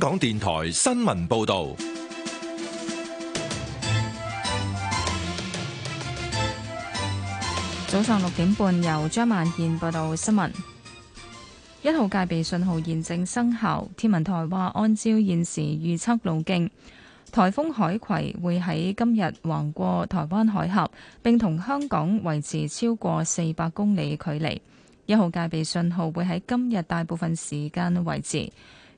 港電台新聞報道：早上六點半，由張萬健報道新聞。一號戒備信號現正生效，天文台話，按照現時預測路徑，颱風海葵會喺今日橫過台灣海峽，並同香港維持超過四百公里距離。一號戒備信號會喺今日大部分時間維持。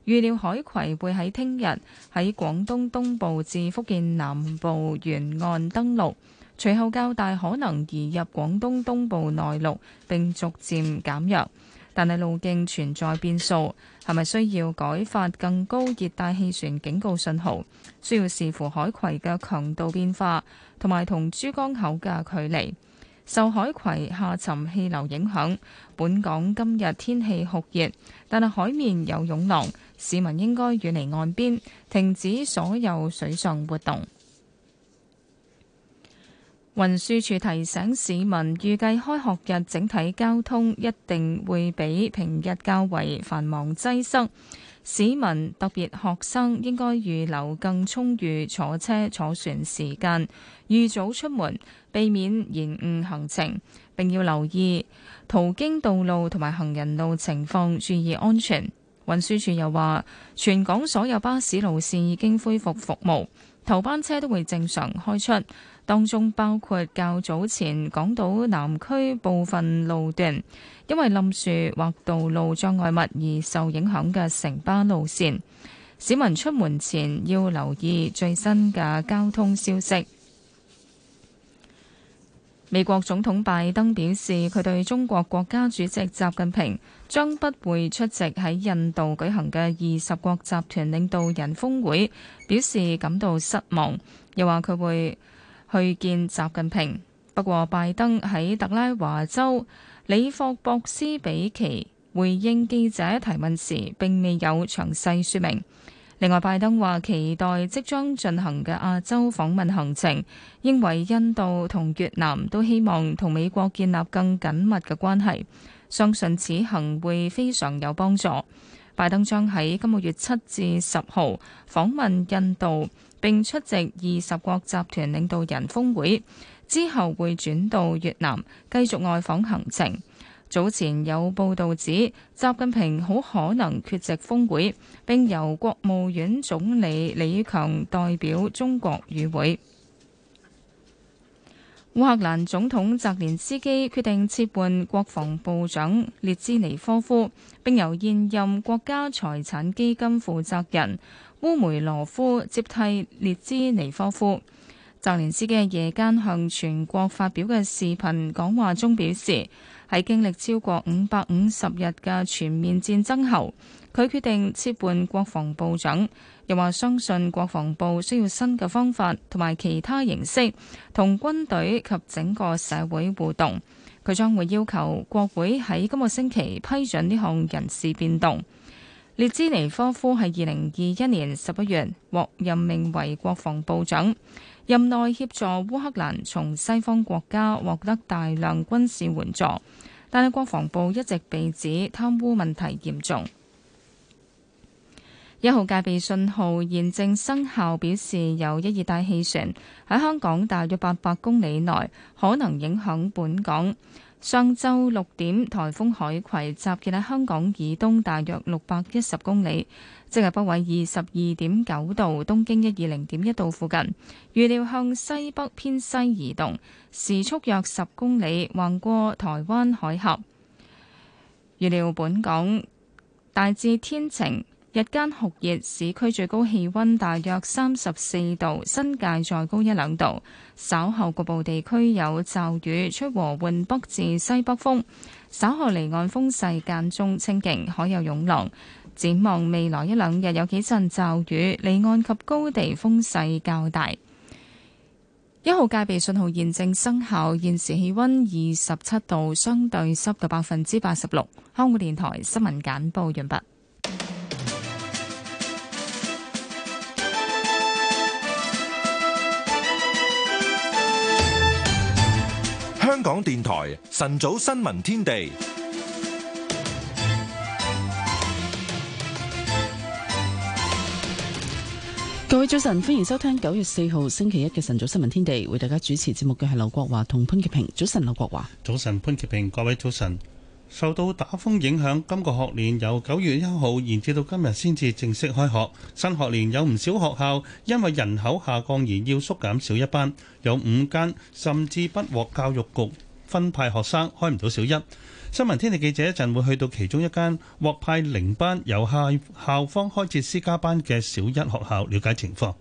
預料海葵會喺聽日喺廣東東部至福建南部沿岸登陸，隨後較大可能移入廣東東部內陸並逐漸減弱。但係路徑存在變數，係咪需要改發更高熱帶氣旋警告信號，需要視乎海葵嘅強度變化同埋同珠江口嘅距離。受海葵下沉氣流影響，本港今日天氣酷熱，但係海面有湧浪。市民應該遠離岸邊，停止所有水上活動。運輸處提醒市民，預計開學日整體交通一定會比平日較為繁忙擠塞。市民特別學生應該預留更充裕坐車坐船時間，預早出門，避免延誤行程。並要留意途經道路同埋行人路情況，注意安全。運輸署又話，全港所有巴士路線已經恢復服務，頭班車都會正常開出，當中包括較早前港島南區部分路段因為冧樹或道路障礙物而受影響嘅城巴路線。市民出門前要留意最新嘅交通消息。美國總統拜登表示，佢對中國國家主席習近平將不會出席喺印度舉行嘅二十國集團領導人峰會，表示感到失望。又話佢會去見習近平。不過，拜登喺特拉華州里霍博斯比奇回應記者提問時，並未有詳細說明。另外，拜登話期待即將進行嘅亞洲訪問行程，因為印度同越南都希望同美國建立更緊密嘅關係，相信此行會非常有幫助。拜登將喺今個月七至十號訪問印度，並出席二十國集團領導人峰會，之後會轉到越南繼續外訪行程。早前有報道指，習近平好可能缺席峰會，並由國務院總理李強代表中國與會。烏克蘭總統澤連斯基決定撤換國防部長列茲尼科夫，並由現任國家財產基金負責人烏梅羅夫接替列茲尼科夫。澤連斯基嘅夜間向全國發表嘅視頻講話中表示。喺經歷超過五百五十日嘅全面戰爭後，佢決定撤換國防部長，又話相信國防部需要新嘅方法同埋其他形式，同軍隊及整個社會互動。佢將會要求國會喺今個星期批准呢項人事變動。列茲尼科夫係二零二一年十一月獲任命為國防部長，任內協助烏克蘭從西方國家獲得大量軍事援助，但係國防部一直被指貪污問題嚴重。一號戒備信號現正生效，表示有一熱帶氣旋喺香港大約八百公里內，可能影響本港。上週六點，颱風海葵集結喺香港以東大約六百一十公里，即係北緯二十二點九度，東經一二零點一度附近。預料向西北偏西移動，時速約十公里，橫過台灣海峽。預料本港大致天晴。日間酷熱，市區最高氣温大約三十四度，新界再高一兩度。稍後局部地區有驟雨，吹和緩北至西北風。稍後離岸風勢間中清勁，海有湧浪。展望未來一兩日有幾陣驟雨，離岸及高地風勢較大。一號戒備信號現正生效，現時氣温二十七度，相對濕度百分之八十六。香港電台新聞簡報完畢。香港電台晨早新聞天地，各位早晨，歡迎收聽九月四號星期一嘅晨早新聞天地，為大家主持節目嘅係劉國華同潘潔平。早晨，劉國華，早晨，潘潔平，各位早晨。受到打風影響，今個學年由九月一號延至到今日先至正式開學。新學年有唔少學校因為人口下降而要縮減小一班，有五間甚至不獲教育局分派學生，開唔到小一。新聞天地記者一陣會去到其中一間獲派零班、由校校方開設私家班嘅小一學校，了解情況。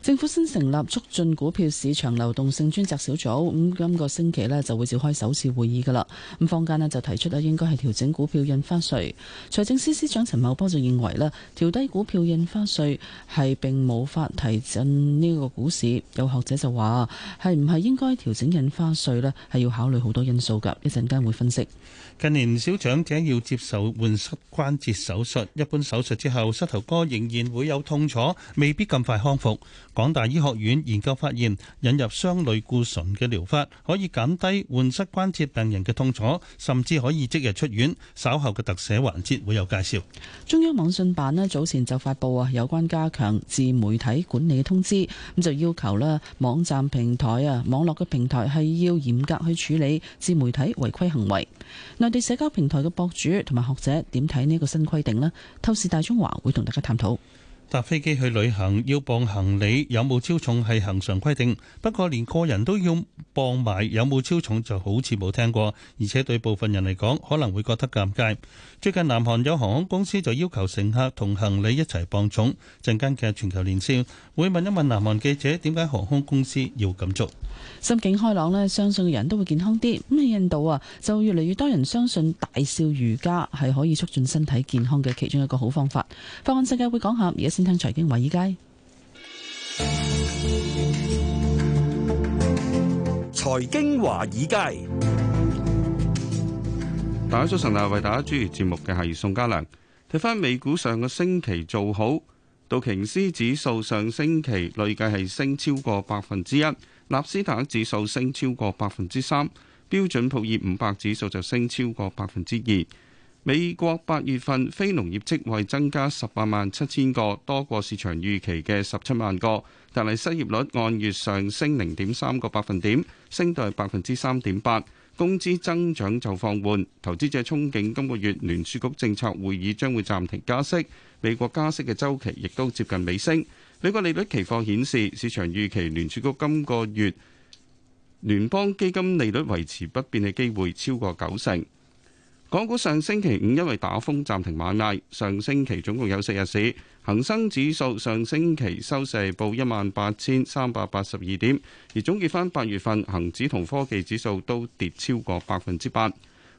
政府新成立促進股票市場流動性專責小組，咁今個星期咧就會召開首次會議噶啦。咁坊間咧就提出咧應該係調整股票印花稅。財政司司長陳茂波就認為咧，調低股票印花稅係並無法提振呢個股市。有學者就話，係唔係應該調整印花稅呢？係要考慮好多因素噶。一陣間會分析。近年唔少長者要接受換膝關節手術，一般手術之後膝頭哥仍然會有痛楚，未必咁快康復。港大醫學院研究發現，引入雙類固醇嘅療法可以減低患膝關節病人嘅痛楚，甚至可以即日出院。稍後嘅特寫環節會有介紹。中央網信辦呢早前就發布啊有關加強自媒體管理嘅通知，咁就要求啦網站平台啊網絡嘅平台係要嚴格去處理自媒體違規行為。內地社交平台嘅博主同埋學者點睇呢一個新規定呢？透視大中華會同大家探討。搭飛機去旅行要磅行李，有冇超重係行常規定，不過連個人都要，磅埋有冇超重就好似冇聽過，而且對部分人嚟講可能會覺得尷尬。最近南韓有航空公司就要求乘客同行李一齊磅重，陣間嘅全球年少會問一問南韓記者點解航空公司要咁做。心境開朗咧，相信人都會健康啲。咁喺印度啊，就越嚟越多人相信大笑瑜伽係可以促進身體健康嘅其中一個好方法。放眼世界會講下，而家先聽財經華爾街。財經華爾街，大家早晨啊！為大家主持節目嘅係宋嘉良。睇返美股上個星期做好，道瓊斯指數上星期累計係升超過百分之一，納斯達克指數升超過百分之三，標準普爾五百指數就升超過百分之二。美國八月份非農業職位增加十八萬七千個，多過市場預期嘅十七萬個，但係失業率按月上升零點三個百分點。升到係百分之三點八，工資增長就放緩，投資者憧憬今個月聯儲局政策會議將會暫停加息，美國加息嘅週期亦都接近尾聲，美國利率期貨顯示，市場預期聯儲局今個月聯邦基金利率維持不變嘅機會超過九成。港股上星期五因為打風暫停買賣，上星期總共有四日市。恒生指數上星期收市報一萬八千三百八十二點，而總結翻八月份，恒指同科技指數都跌超過百分之八。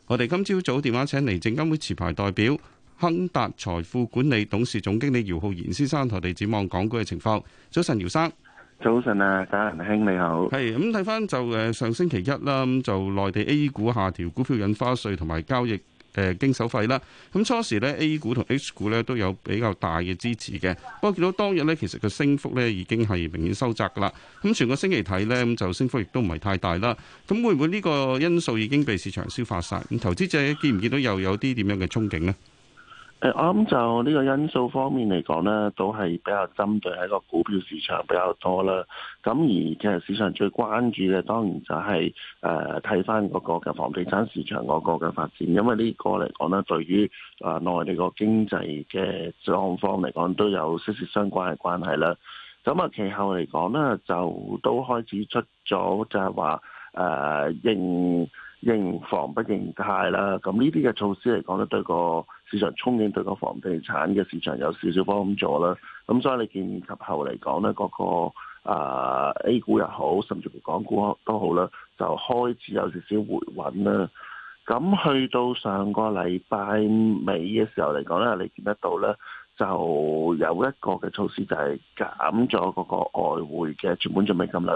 我哋今朝早，早電話請嚟證監會持牌代表亨達財富管理董事總經理姚浩然先生，同我哋展望港股嘅情況。早晨，姚生。早晨啊，賈仁兄你好，係咁睇翻就誒上星期一啦，咁、嗯、就內地 A 股下調股票印花稅同埋交易誒、呃、經手費啦。咁、嗯、初時呢 A 股同 H 股呢都有比較大嘅支持嘅，不過見到當日呢，其實個升幅呢已經係明顯收窄噶啦。咁、嗯、全個星期睇呢，咁、嗯、就升幅亦都唔係太大啦。咁、嗯、會唔會呢個因素已經被市場消化晒？咁、嗯、投資者見唔見到又有啲點樣嘅憧憬呢？誒，我諗就呢個因素方面嚟講呢都係比較針對喺個股票市場比較多啦。咁而其實市場最關注嘅，當然就係誒睇翻嗰個嘅房地產市場嗰個嘅發展，因為個講呢個嚟講呢對於啊內地個經濟嘅狀況嚟講，都有息息相關嘅關係啦。咁、嗯、啊，其後嚟講呢就都開始出咗就係話誒，認認房不認貸啦。咁呢啲嘅措施嚟講呢對個市場憧憬對個房地產嘅市場有少少幫助啦，咁所以你見及後嚟講咧，各、嗰個、呃、A 股又好，甚至乎港股都好啦，就開始有少少回穩啦。咁去到上個禮拜尾嘅時候嚟講咧，你見得到咧，就有一個嘅措施就係減咗嗰個外匯嘅存款準備金率。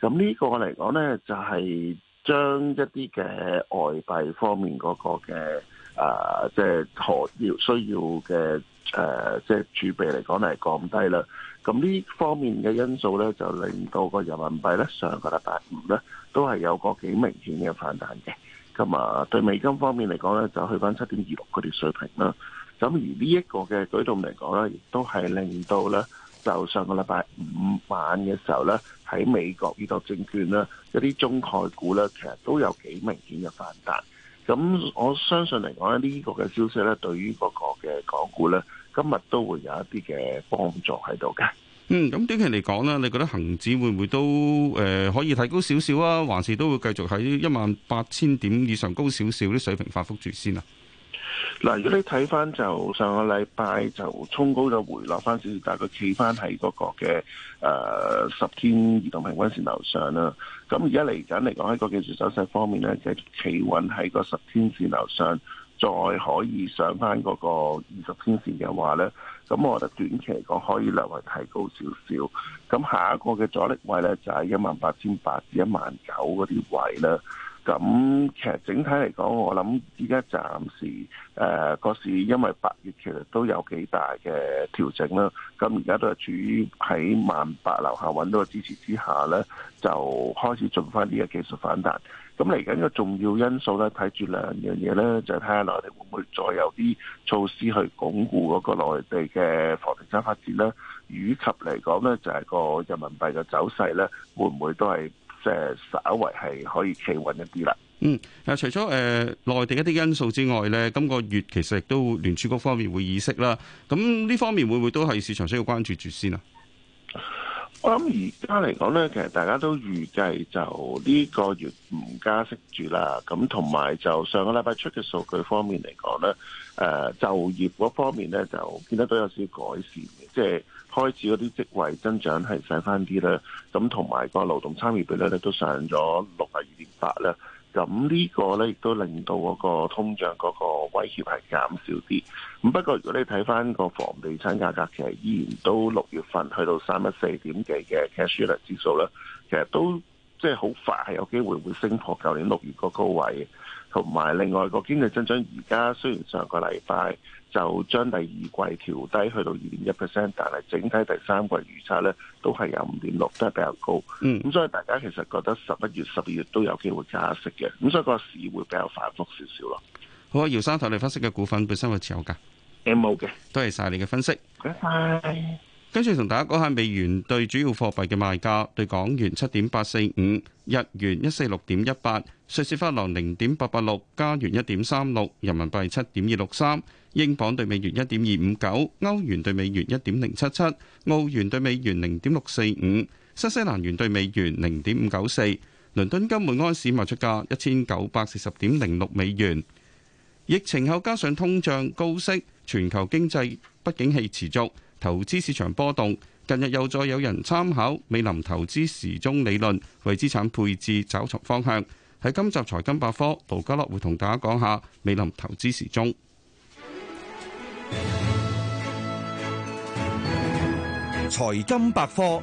咁呢個嚟講咧，就係、係、將一啲嘅外幣方面嗰個嘅。啊，即係何要需要嘅誒，即係儲備嚟講係降低啦。咁呢方面嘅因素咧，就令到個人民幣咧，上個禮拜五咧，都係有個幾明顯嘅反彈嘅。咁啊，對美金方面嚟講咧，就去翻七點二六嗰條水平啦。咁而呢一個嘅舉動嚟講咧，亦都係令到咧，就上個禮拜五晚嘅時候咧，喺美國呢個證券啦，一啲中概股咧，其實都有幾明顯嘅反彈。咁我相信嚟講咧，呢個嘅消息咧，對於嗰個嘅港股咧，今日都會有一啲嘅幫助喺度嘅。嗯，咁短期嚟講咧，你覺得恒指會唔會都誒、呃、可以提高少少啊？還是都會繼續喺一萬八千點以上高少少啲水平反覆住先啊？嗱，如果你睇翻就上個禮拜就衝高就回落翻少少，但係佢企翻喺嗰個嘅誒十天移動平均線樓上啦。咁而家嚟緊嚟講喺個技術手勢方面咧，繼續企穩喺個十天線樓上，再可以上翻嗰個二十天線嘅話咧，咁我覺得短期嚟講可以略為提高少少。咁下一個嘅阻力位咧就係一萬八千八至一萬九嗰啲位咧。咁其實整體嚟講，我諗依家暫時誒個、呃、市，因為八月其實都有幾大嘅調整啦。咁而家都係處於喺萬八樓下揾到個支持之下咧，就開始進翻呢個技術反彈。咁嚟緊個重要因素咧，睇住兩樣嘢咧，就係睇下內地會唔會再有啲措施去鞏固嗰個內地嘅房地產發展啦。以及嚟講咧就係、是、個人民幣嘅走勢咧，會唔會都係？即係稍微係可以企穩一啲啦。嗯，嗱，除咗誒內地一啲因素之外咧，今個月其實亦都聯儲局方面會議息啦。咁呢方面會唔會都係市場需要關注住先啊？我諗而家嚟講咧，其實大家都預計就呢個月唔加息住啦。咁同埋就上個禮拜出嘅數據方面嚟講咧，誒、呃、就業嗰方面咧就見得到有少少改善嘅，即係。開始嗰啲職位增長係細翻啲啦，咁同埋個勞動參與比率咧都上咗六啊二點八啦。咁呢個咧亦都令到嗰個通脹嗰個威脅係減少啲。咁不過如果你睇翻個房地產價格，其實依然都六月份去到三一四點幾嘅 cash rate 指數咧，其實都即係好快係有機會會升破舊年六月個高位。同埋另外個經濟增長，而家雖然上個禮拜，就將第二季調低去到二點一 percent，但係整體第三季預測咧都係有五點六，都係比較高。咁、嗯、所以大家其實覺得十一月、十二月都有機會加息嘅。咁所以個市會比較反覆少少咯。好啊，姚生，睇你分析嘅股份本身有持有噶 M O 嘅，的多謝晒你嘅分析，多謝 bye。跟住同大家講下美元對主要貨幣嘅賣價，對港元七點八四五，日元一四六點一八，瑞士法郎零點八八六，加元一點三六，人民幣七點二六三。英鎊兌美元一點二五九，歐元兌美元一點零七七，澳元兌美元零點六四五，新西蘭元兌美元零點五九四。倫敦金每安士賣出價一千九百四十點零六美元。疫情後加上通脹高息，全球經濟不景氣持續，投資市場波動。近日又再有人參考美林投資時鐘理論，為資產配置找尋方向。喺今集財金百科，盧家樂會同大家講下美林投資時鐘。財金百科，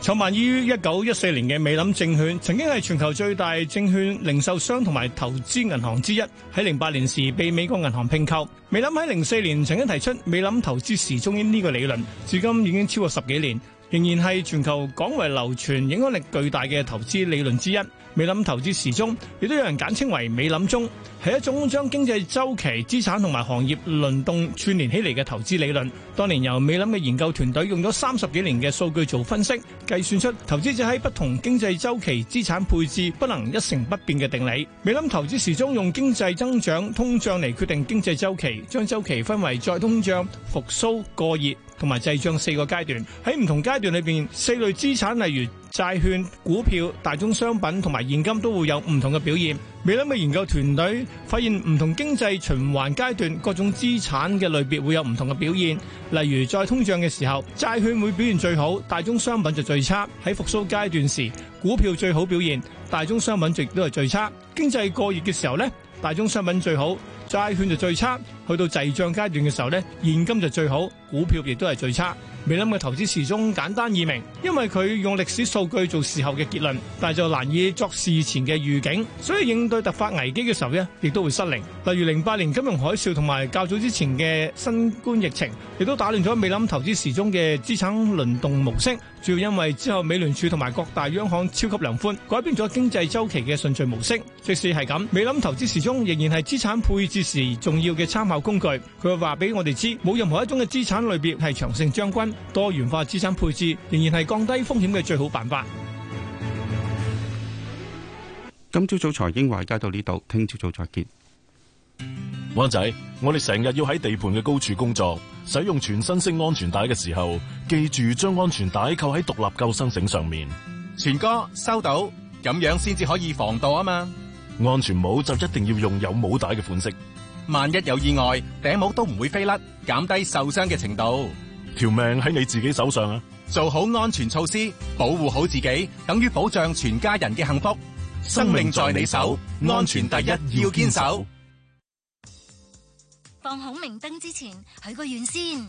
創辦於一九一四年嘅美林證券，曾經係全球最大證券零售商同埋投資銀行之一。喺零八年時被美國銀行併購。美林喺零四年曾經提出美林投資時鐘呢個理論，至今已經超過十幾年，仍然係全球廣為流傳，影響力巨大嘅投資理論之一。美林投資時鐘亦都有人簡稱為美林鐘，係一種將經濟周期資產同埋行業輪動串聯起嚟嘅投資理論。當年由美林嘅研究團隊用咗三十幾年嘅數據做分析，計算出投資者喺不同經濟周期資產配置不能一成不變嘅定理。美林投資時鐘用經濟增長、通脹嚟決定經濟周期，將周期分為再通脹、復甦、過熱。同埋滯脹四個階段，喺唔同階段裏邊，四類資產例如債券、股票、大宗商品同埋現金都會有唔同嘅表現。美林嘅研究團隊發現，唔同經濟循環階段各種資產嘅類別會有唔同嘅表現。例如，在通脹嘅時候，債券會表現最好，大宗商品就最差；喺復甦階段時，股票最好表現，大宗商品亦都係最差。經濟過熱嘅時候呢，大宗商品最好。債券就最差，去到滯脹階段嘅時候呢，現金就最好，股票亦都係最差。未諗嘅投資時鐘簡單易明。因為佢用歷史數據做事後嘅結論，但係就難以作事前嘅預警，所以應對突發危機嘅時候呢，亦都會失靈。例如零八年金融海嘯同埋較早之前嘅新冠疫情，亦都打亂咗美林投資時鐘嘅資產輪動模式。主要因為之後美聯儲同埋各大央行超級量寬，改變咗經濟周期嘅順序模式。即使係咁，美林投資時鐘仍然係資產配置時重要嘅參考工具。佢會話俾我哋知，冇任何一種嘅資產類別係長勝將軍，多元化資產配置仍然係。降低風險嘅最好辦法。今朝早財經話解到呢度，聽朝早再見。灣仔，我哋成日要喺地盤嘅高處工作，使用全身式安全帶嘅時候，記住將安全帶扣喺獨立救生繩上面。全哥收到，咁樣先至可以防墮啊嘛。安全帽就一定要用有帽帶嘅款式，萬一有意外，頂帽都唔會飛甩，減低受傷嘅程度。條命喺你自己手上啊！做好安全措施，保護好自己，等於保障全家人嘅幸福。生命在你手，安全第一，要堅守。放孔明燈之前許個願先，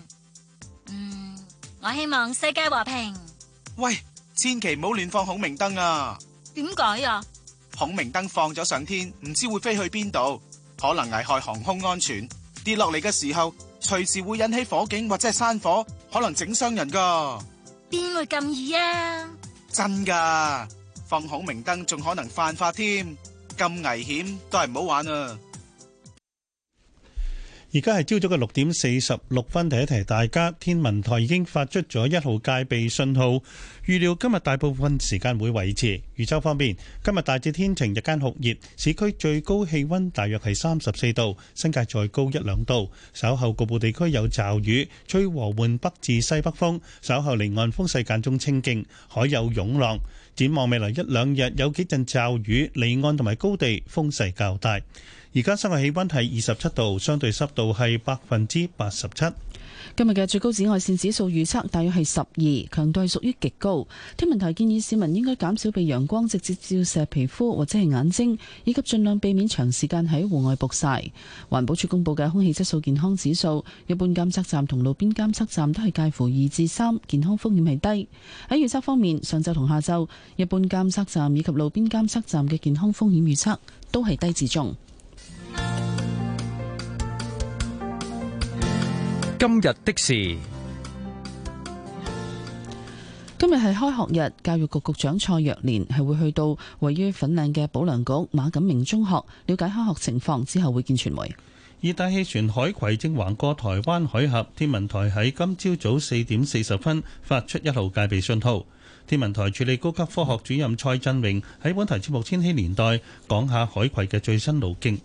嗯，我希望世界和平。喂，千祈唔好亂放孔明燈啊！點解啊？孔明燈放咗上天，唔知會飛去邊度，可能危害航空安全。跌落嚟嘅時候，隨時會引起火警或者係山火，可能整傷人㗎。邊會咁易啊！真㗎，放孔明燈仲可能犯法添，咁危險都係唔好玩啊！而家係朝早嘅六點四十六分，提提大家，天文台已經發出咗一號戒備信號，預料今日大部分時間會維持。預週方面，今日大致天晴，日間酷熱，市區最高氣温大約係三十四度，新界再高一兩度。稍後局部地區有驟雨，吹和緩北至西北風。稍後離岸風勢間中清勁，海有湧浪。展望未來一兩日有幾陣驟雨，離岸同埋高地風勢較大。而家室外氣温係二十七度，相對濕度係百分之八十七。今日嘅最高紫外線指數預測大約係十二，強度係屬於極高。天文台建議市民應該減少被陽光直接照射皮膚或者係眼睛，以及盡量避免長時間喺戶外曝晒。環保署公布嘅空氣質素健康指數，一般監測站同路邊監測站都係介乎二至三，健康風險係低。喺預測方面，上晝同下晝，一般監測站以及路邊監測站嘅健康風險預測都係低至中。今日的事，今日係開學日，教育局局長蔡若蓮係會去到位於粉嶺嘅保良局馬錦明中學了解開學情況，之後會見傳媒。熱帶氣旋海葵正橫過台灣海峽，天文台喺今朝早四點四十分發出一號戒備信號。天文台助理高級科學主任蔡振榮喺本台節目《千禧年代》講下海葵嘅最新路徑。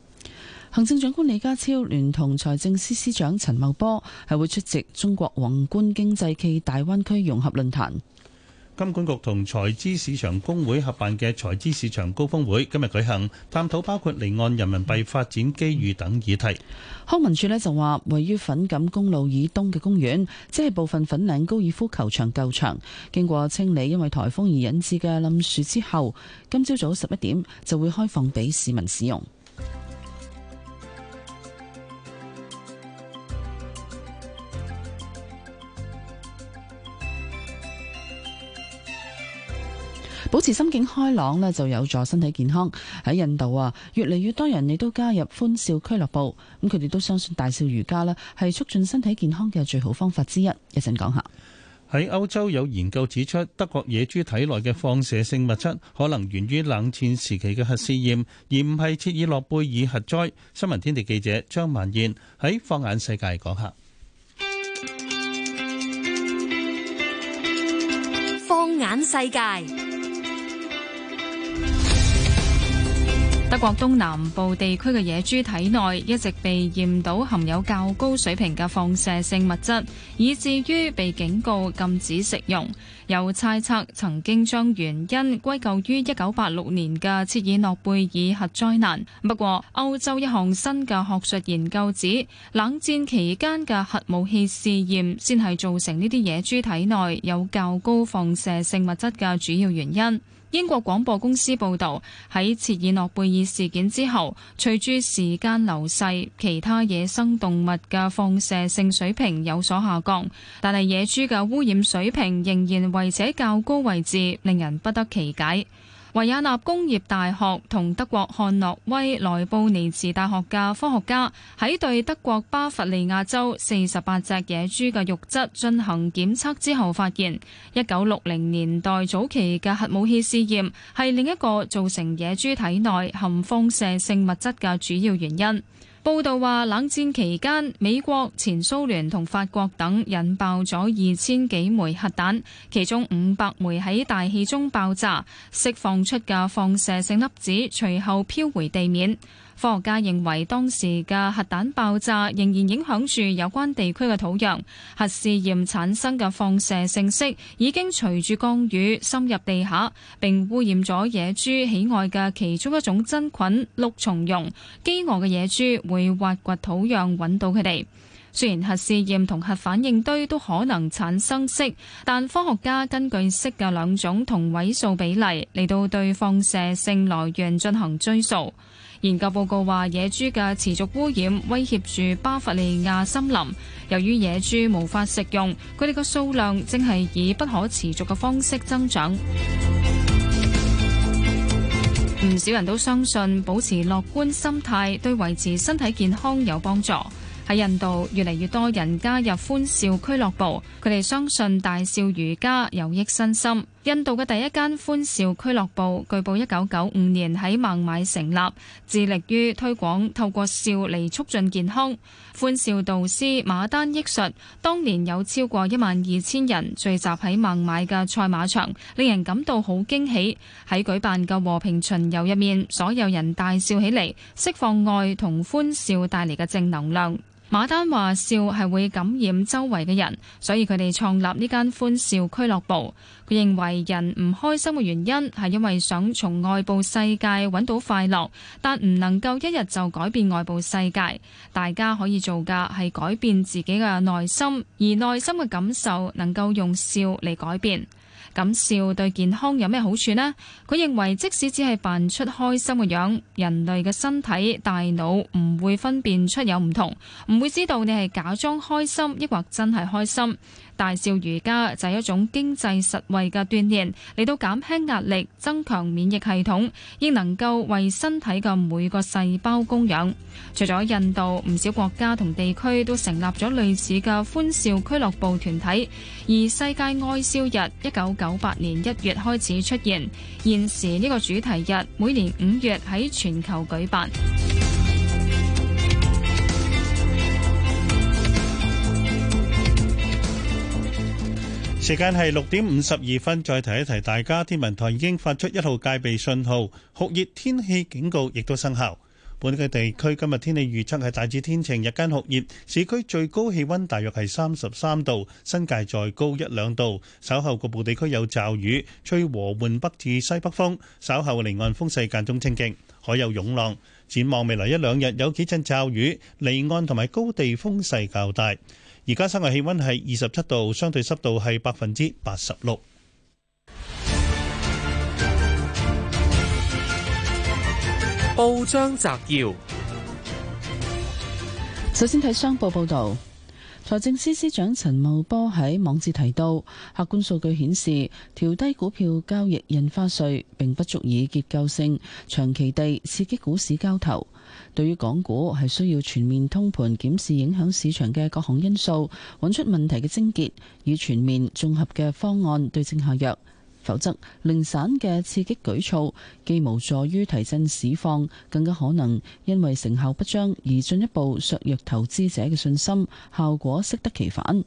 行政長官李家超聯同財政司司長陳茂波係會出席中國宏觀經濟暨大灣區融合論壇。金管局同財資市場公會合辦嘅財資市場高峰會今日舉行，探討包括離岸人民幣發展機遇等議題。康文署呢就話，位於粉錦公路以東嘅公園，即係部分粉嶺高爾夫球場舊場，經過清理因為台風而引致嘅冧樹之後，今朝早十一點就會開放俾市民使用。保持心境開朗咧，就有助身體健康。喺印度啊，越嚟越多人亦都加入歡笑俱樂部。咁佢哋都相信大笑瑜伽啦，係促進身體健康嘅最好方法之一。一陣講下。喺歐洲有研究指出，德國野豬體內嘅放射性物質可能源於冷戰時期嘅核試驗，而唔係切爾諾貝爾核災。新聞天地記者張曼燕喺《放眼世界》講下《放眼世界》。德國東南部地區嘅野豬體內一直被驗到含有較高水平嘅放射性物質，以至於被警告禁止食用。有猜測曾經將原因歸咎於一九八六年嘅切爾諾貝爾核災難。不過，歐洲一項新嘅學術研究指，冷戰期間嘅核武器試驗先係造成呢啲野豬體內有較高放射性物質嘅主要原因。英國廣播公司報導，喺切爾諾貝爾事件之後，隨住時間流逝，其他野生動物嘅放射性水平有所下降，但係野豬嘅污染水平仍然維持喺較高位置，令人不得其解。維也納工業大學同德國漢諾威萊布尼茨大學嘅科學家喺對德國巴伐利亞州四十八隻野豬嘅肉質進行檢測之後，發現一九六零年代早期嘅核武器試驗係另一個造成野豬體內含放射性物質嘅主要原因。報道話，冷戰期間，美國、前蘇聯同法國等引爆咗二千幾枚核彈，其中五百枚喺大氣中爆炸，釋放出嘅放射性粒子隨後飄回地面。科學家認為當時嘅核彈爆炸仍然影響住有關地區嘅土壤，核試驗產生嘅放射性銫已經隨住降雨深入地下，並污染咗野豬喜愛嘅其中一種真菌鹿松茸。饑餓嘅野豬會挖掘土壤揾到佢哋。雖然核試驗同核反應堆都可能產生銫，但科學家根據銫嘅兩種同位素比例嚟到對放射性來源進行追溯。研究報告話，野豬嘅持續污染威脅住巴伐利亞森林。由於野豬無法食用，佢哋嘅數量正係以不可持續嘅方式增長。唔少人都相信保持樂觀心態對維持身體健康有幫助。喺印度，越嚟越多人加入歡笑俱樂部，佢哋相信大笑瑜伽有益身心。印度嘅第一間歡笑俱樂部據報一九九五年喺孟買成立，致力於推廣透過笑嚟促進健康。歡笑導師馬丹益述，當年有超過一萬二千人聚集喺孟買嘅賽馬場，令人感到好驚喜。喺舉辦嘅和平巡遊入面，所有人大笑起嚟，釋放愛同歡笑帶嚟嘅正能量。馬丹話笑係會感染周圍嘅人，所以佢哋創立呢間歡笑俱樂部。佢認為人唔開心嘅原因係因為想從外部世界揾到快樂，但唔能夠一日就改變外部世界。大家可以做嘅係改變自己嘅內心，而內心嘅感受能夠用笑嚟改變。咁笑對健康有咩好處呢？佢認為即使只係扮出開心嘅樣，人類嘅身體、大腦唔會分辨出有唔同，唔會知道你係假裝開心，抑或真係開心。大笑瑜伽就係一種經濟實惠嘅鍛鍊，嚟到減輕壓力，增強免疫系統，亦能夠為身體嘅每個細胞供氧。除咗印度，唔少國家同地區都成立咗類似嘅歡笑俱樂部團體。而世界愛笑日一九九八年一月開始出現，現時呢個主題日每年五月喺全球舉辦。時間係六點五十二分，再提一提，大家天文台已經發出一號戒備信號，酷熱天氣警告亦都生效。本地地區今日天，天氣預測係大致天晴，日間酷熱，市區最高氣温大約係三十三度，新界再高一兩度。稍後局部地區有驟雨，吹和緩北至西北風，稍後離岸風勢間中清勁，海有湧浪。展望未來一兩日有幾陣驟雨，離岸同埋高地風勢較大。而家室外氣温係二十七度，相對濕度係百分之八十六。報章摘要：首先睇商報報道，財政司司長陳茂波喺網誌提到，客觀數據顯示，調低股票交易印花稅並不足以結構性、長期地刺激股市交投。對於港股係需要全面通盤檢視影響市場嘅各項因素，揾出問題嘅症結，以全面綜合嘅方案對症下藥。否則，零散嘅刺激舉措既無助於提振市況，更加可能因為成效不彰而進一步削弱投資者嘅信心，效果適得其反。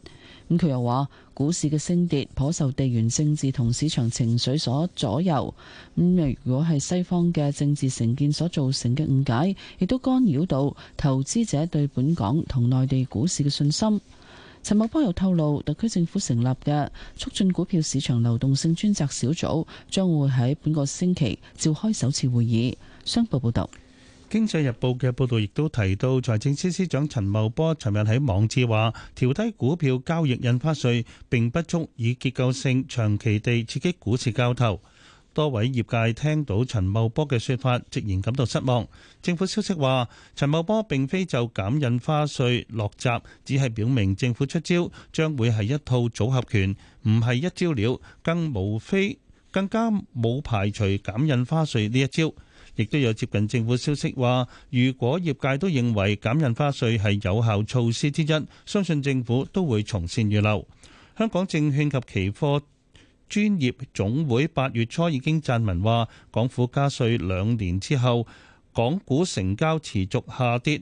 咁佢又話，股市嘅升跌頗受地緣政治同市場情緒所左右。咁若如果係西方嘅政治成見所造成嘅誤解，亦都干擾到投資者對本港同內地股市嘅信心。陳茂波又透露，特區政府成立嘅促進股票市場流動性專責小組將會喺本個星期召開首次會議。商報報道。《經濟日報》嘅報導亦都提到，財政司司長陳茂波尋日喺網誌話，調低股票交易印花稅並不足以結構性長期地刺激股市交投。多位業界聽到陳茂波嘅說法，直言感到失望。政府消息話，陳茂波並非就減印花稅落閘，只係表明政府出招將會係一套組合拳，唔係一招了，更無非更加冇排除減印花稅呢一招。亦都有接近政府消息話，如果業界都認為減印花稅係有效措施之一，相信政府都會從善如流。香港證券及期貨專業總會八月初已經撰文話，港府加稅兩年之後，港股成交持續下跌。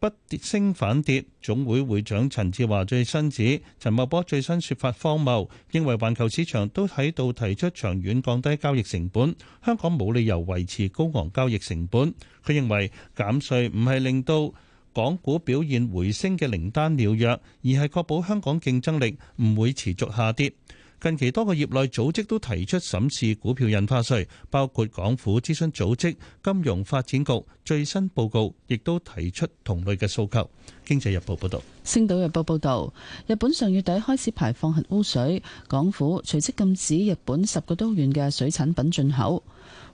不跌升反跌，總會會長陳志華最新指陳茂波最新說法荒謬，認為環球市場都喺度提出長遠降低交易成本，香港冇理由維持高昂交易成本。佢認為減稅唔係令到港股表現回升嘅靈丹妙藥，而係確保香港競爭力唔會持續下跌。近期多個業內組織都提出審視股票印花稅，包括港府諮詢組織、金融發展局最新報告，亦都提出同類嘅訴求。經濟日報報道，星島日報報道，日本上月底開始排放核污水，港府隨即禁止日本十個都縣嘅水產品進口。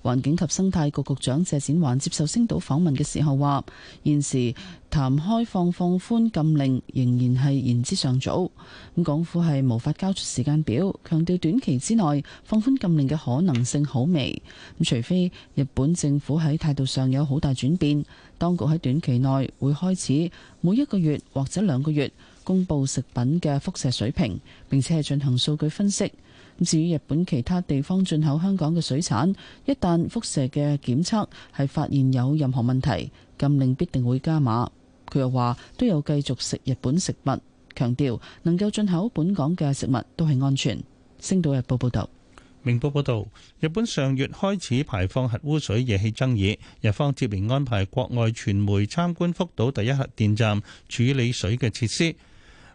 環境及生態局局長謝展寰接受星島訪問嘅時候話：現時談開放放寬禁令仍然係言之尚早。咁港府係無法交出時間表，強調短期之內放寬禁令嘅可能性好微。咁除非日本政府喺態度上有好大轉變，當局喺短期內會開始每一個月或者兩個月公佈食品嘅輻射水平，並且係進行數據分析。至於日本其他地方進口香港嘅水產，一旦輻射嘅檢測係發現有任何問題，禁令必定會加碼。佢又話都有繼續食日本食物，強調能夠進口本港嘅食物都係安全。星島日報報道，明報報道，日本上月開始排放核污水惹起爭議，日方接連安排國外傳媒參觀福島第一核電站處理水嘅設施。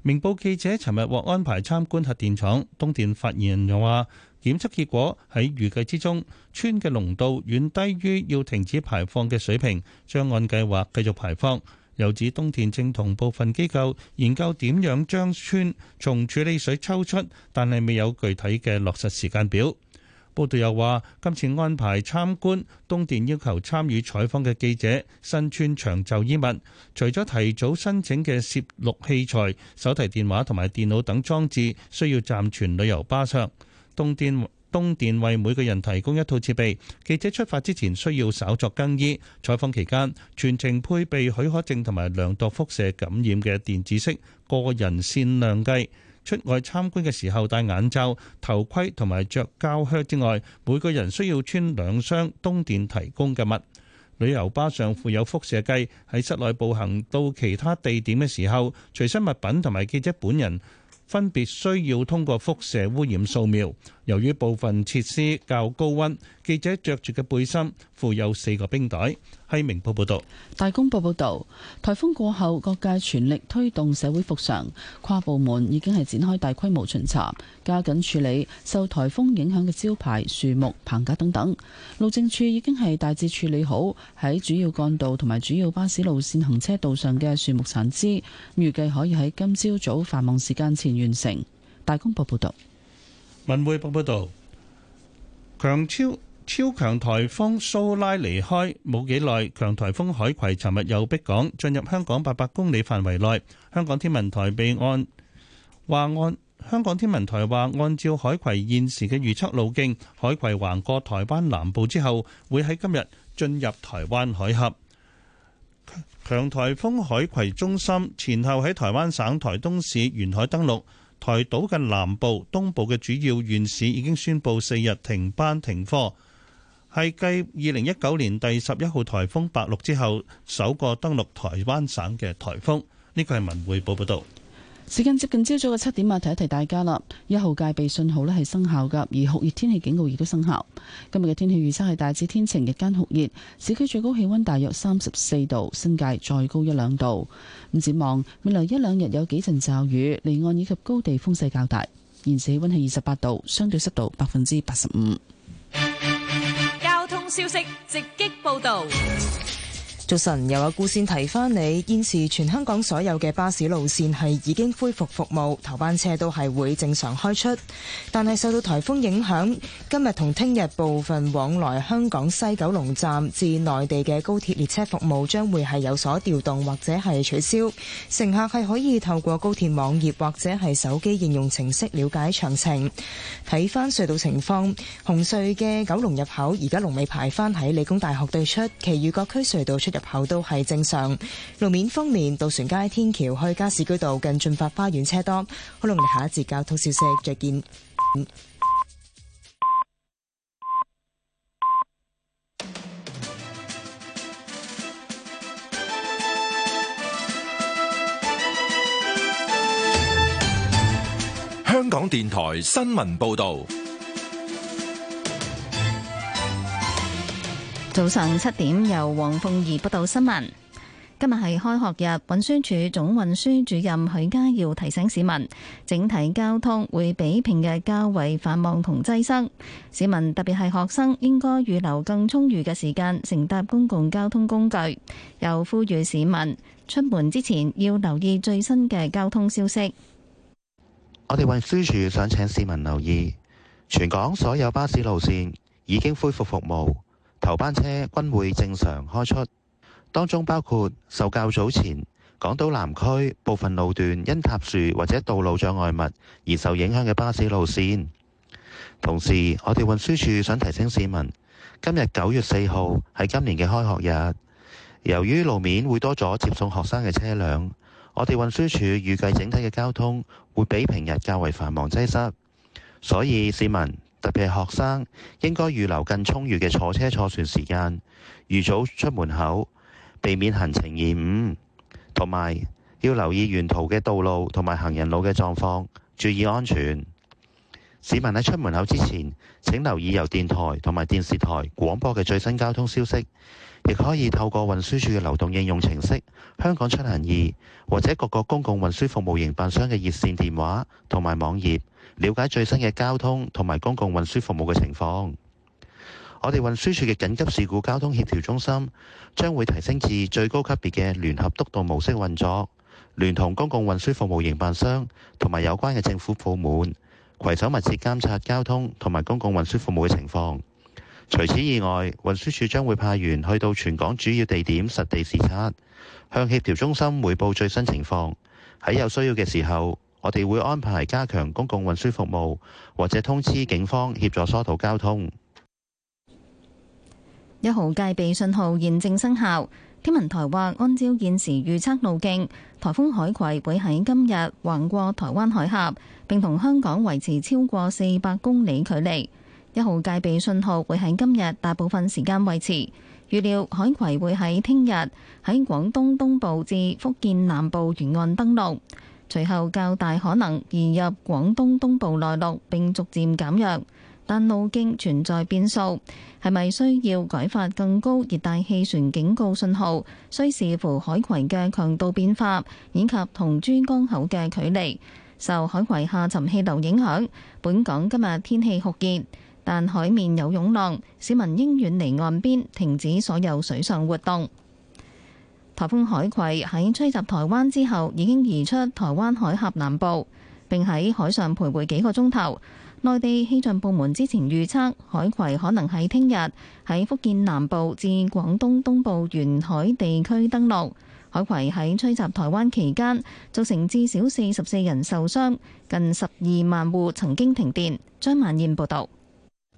明報記者尋日獲安排參觀核電廠，東電發言人又話檢測結果喺預計之中，村嘅濃度遠低於要停止排放嘅水平，將按計劃繼續排放。又指東電正同部分機構研究點樣將村從處理水抽出，但係未有具體嘅落實時間表。報道又話，今次安排參觀東電，要求參與採訪嘅記者身穿長袖衣物。除咗提早申請嘅攝錄器材、手提電話同埋電腦等裝置需要暫存旅遊巴上，東電東電為每個人提供一套設備。記者出發之前需要稍作更衣，採訪期間全程配備許可證同埋量度輻射感染嘅電子式個人線量計。出外參觀嘅時候戴眼罩、頭盔同埋着膠靴之外，每個人需要穿兩雙東電提供嘅襪。旅遊巴上附有輻射計，喺室內步行到其他地點嘅時候，隨身物品同埋記者本人分別需要通過輻射污染掃描。由於部分設施較高溫，記者着住嘅背心附有四個冰袋。喺明報報道，大公報報道，颱風過後，各界全力推動社會復常，跨部門已經係展開大規模巡查，加緊處理受颱風影響嘅招牌、樹木、棚架等等。路政處已經係大致處理好喺主要幹道同埋主要巴士路線行車道上嘅樹木殘枝，預計可以喺今朝早，早繁忙時間前完成。大公報報，報道。文匯報報道，強超超強颱風蘇拉離開冇幾耐，強颱風海葵尋日又逼港，進入香港八百公里範圍內。香港天文台備案：話按香港天文台話，按照海葵現時嘅預測路徑，海葵橫過台灣南部之後，會喺今日進入台灣海峽。強颱風海葵中心前後喺台灣省台東市沿海登陸。台島嘅南部、東部嘅主要縣市已經宣布四日停班停課，係繼二零一九年第十一號台風白鹿之後，首個登陸台灣省嘅台風。呢個係文匯報報道。時間接近朝早嘅七點啊，提一提大家啦。一號戒備信號咧係生效噶，而酷熱天氣警告亦都生效。今日嘅天氣預測係大致天晴，日間酷熱，市區最高氣温大約三十四度，新界再高一兩度。咁展望未來一兩日有幾陣驟雨，離岸以及高地風勢較大。現時氣温係二十八度，相對濕度百分之八十五。交通消息直擊報道。早晨，又有顧先提翻你。現時全香港所有嘅巴士路線係已經恢復服務，頭班車都係會正常開出。但係受到台風影響，今日同聽日部分往來香港西九龍站至內地嘅高鐵列車服務將會係有所調動或者係取消。乘客係可以透過高鐵網頁或者係手機應用程式了解詳情。睇翻隧道情況，紅隧嘅九龍入口而家龍尾排翻喺理工大學對出，其餘各區隧道出入。後都係正常。路面方面，渡船街天橋、去加士居道、近駿發花園車多。好啦，我哋下一節交通消息再見。香港電台新聞報道。早上七點，由黃鳳儀報道新聞。今日係開學日，運輸署總運輸主任許家耀提醒市民，整體交通會比平日較為繁忙同擠塞。市民特別係學生，應該預留更充裕嘅時間乘搭公共交通工具。又呼籲市民出門之前要留意最新嘅交通消息。我哋運輸署想請市民留意，全港所有巴士路線已經恢復服務。頭班車均會正常開出，當中包括受較早前港島南區部分路段因塌樹或者道路障礙物而受影響嘅巴士路線。同時，我哋運輸署想提醒市民，今日九月四號係今年嘅開學日，由於路面會多咗接送學生嘅車輛，我哋運輸署預計整體嘅交通會比平日較為繁忙擠塞，所以市民，特別係學生應該預留更充裕嘅坐車坐船時間，預早出門口，避免行程延誤。同埋要留意沿途嘅道路同埋行人路嘅狀況，注意安全。市民喺出門口之前，請留意由電台同埋電視台廣播嘅最新交通消息，亦可以透過運輸署嘅流動應用程式《香港出行易》，或者各個公共運輸服務營辦商嘅熱線電話同埋網頁。了解最新嘅交通同埋公共運輸服務嘅情況。我哋運輸署嘅緊急事故交通協調中心將會提升至最高級別嘅聯合督導模式運作，聯同公共運輸服務營辦商同埋有關嘅政府部門，攜手密切監察交通同埋公共運輸服務嘅情況。除此以外，運輸署將會派員去到全港主要地點實地視察，向協調中心匯報最新情況。喺有需要嘅時候，我哋會安排加強公共運輸服務，或者通知警方協助疏導交通。一號戒備信號現正生效。天文台話，按照現時預測路徑，颱風海葵會喺今日橫過台灣海峽，並同香港維持超過四百公里距離。一號戒備信號會喺今日大部分時間維持。預料海葵會喺聽日喺廣東東部至福建南部沿岸登陸。隨後較大可能移入廣東東部內陸並逐漸減弱，但路徑存在變數，係咪需要改發更高熱帶氣旋警告信號，需視乎海葵嘅強度變化以及同珠江口嘅距離。受海葵下沉氣流影響，本港今日天氣酷熱，但海面有湧浪，市民應遠離岸邊，停止所有水上活動。台風海葵喺吹襲台灣之後，已經移出台灣海峽南部，並喺海上徘徊幾個鐘頭。內地氣象部門之前預測，海葵可能喺聽日喺福建南部至廣東東部沿海地區登陸。海葵喺吹襲台灣期間，造成至少四十四人受傷，近十二萬戶曾經停電。張萬燕報道。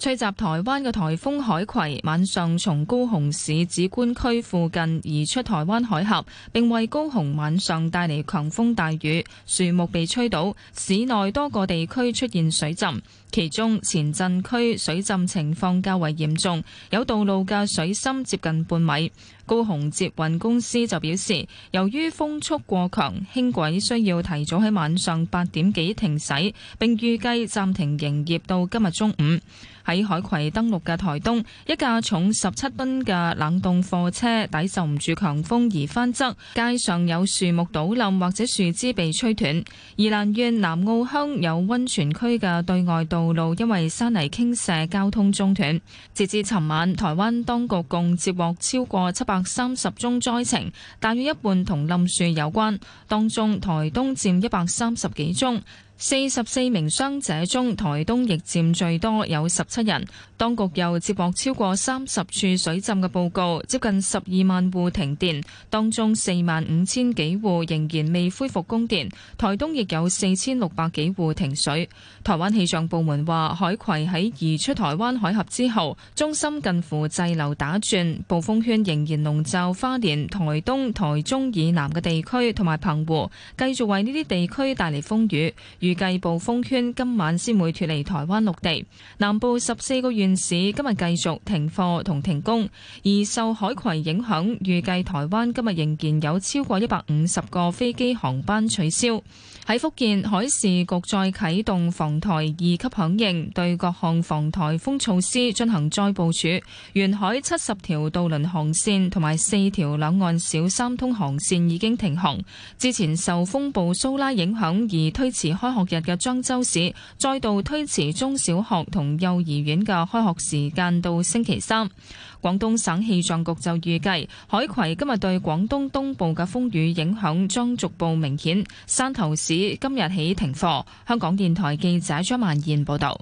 吹襲台灣嘅颱風海葵，晚上從高雄市梓官區附近移出台灣海峽，並為高雄晚上帶嚟強風大雨，樹木被吹倒，市內多個地區出現水浸。其中前鎮區水浸情況較為嚴重，有道路嘅水深接近半米。高雄捷運公司就表示，由於風速過強，輕軌需要提早喺晚上八點幾停駛，並預計暫停營業到今日中午。喺海葵登陸嘅台東，一架重十七噸嘅冷凍貨車抵受唔住強風而翻側，街上有樹木倒冧或者樹枝被吹斷。宜蘭縣南澳鄉有溫泉區嘅對外道。道路因為山泥傾瀉，交通中斷，截至尋晚，台灣當局共接獲超過七百三十宗災情，大約一半同冧樹有關，當中台東佔一百三十幾宗。四十四名傷者中，台東亦佔最多，有十七人。當局又接獲超過三十處水浸嘅報告，接近十二萬戶停電，當中四萬五千幾戶仍然未恢復供電。台東亦有四千六百幾戶停水。台灣氣象部門話，海葵喺移出台灣海峽之後，中心近乎滯留打轉，暴風圈仍然籠罩花蓮、台東、台中以南嘅地區同埋澎湖，繼續為呢啲地區帶嚟風雨。預計暴風圈，今晚先會脫離台灣陸地。南部十四個縣市今日繼續停課同停工，而受海葵影響，預計台灣今日仍然有超過一百五十個飛機航班取消。喺福建，海事局再啟動防台二級響應，對各項防台風措施進行再部署。沿海七十條渡輪航線同埋四條兩岸小三通航線已經停航。之前受風暴蘇拉影響而推遲開。學日嘅漳州市再度推遲中小學同幼兒園嘅開學時間到星期三。廣東省氣象局就預計，海葵今日對廣東東部嘅風雨影響將逐步明顯。汕頭市今日起停課。香港電台記者張曼燕報道。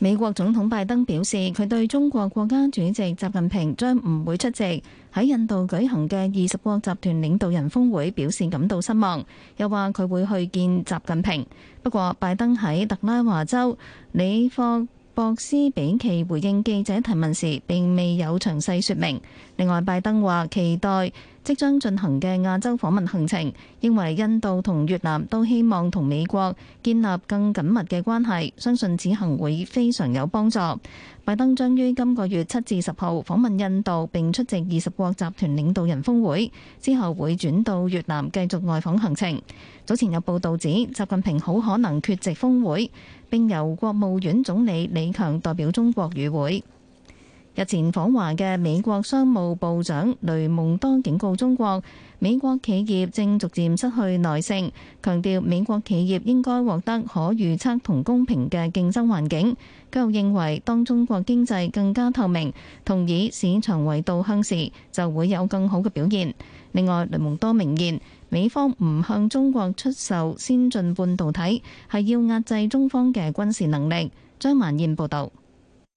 美國總統拜登表示，佢對中國國家主席習近平將唔會出席。喺印度舉行嘅二十國集團領導人峰會表示感到失望，又話佢會去見習近平。不過拜登喺特拉華州，李霍博斯比奇回應記者提問時，並未有詳細説明。另外拜登話期待。即將進行嘅亞洲訪問行程，認為印度同越南都希望同美國建立更緊密嘅關係，相信此行會非常有幫助。拜登將於今個月七至十號訪問印度，並出席二十國集團領導人峰會，之後會轉到越南繼續外訪行程。早前有報導指，習近平好可能缺席峰會，並由國務院總理李強代表中國與會。日前訪華嘅美國商務部長雷蒙多警告中國，美國企業正逐漸失去耐性，強調美國企業應該獲得可預測同公平嘅競爭環境。佢又認為，當中國經濟更加透明，同以市場為導向時，就會有更好嘅表現。另外，雷蒙多明言，美方唔向中國出售先進半導體，係要壓制中方嘅軍事能力。張曼燕報道。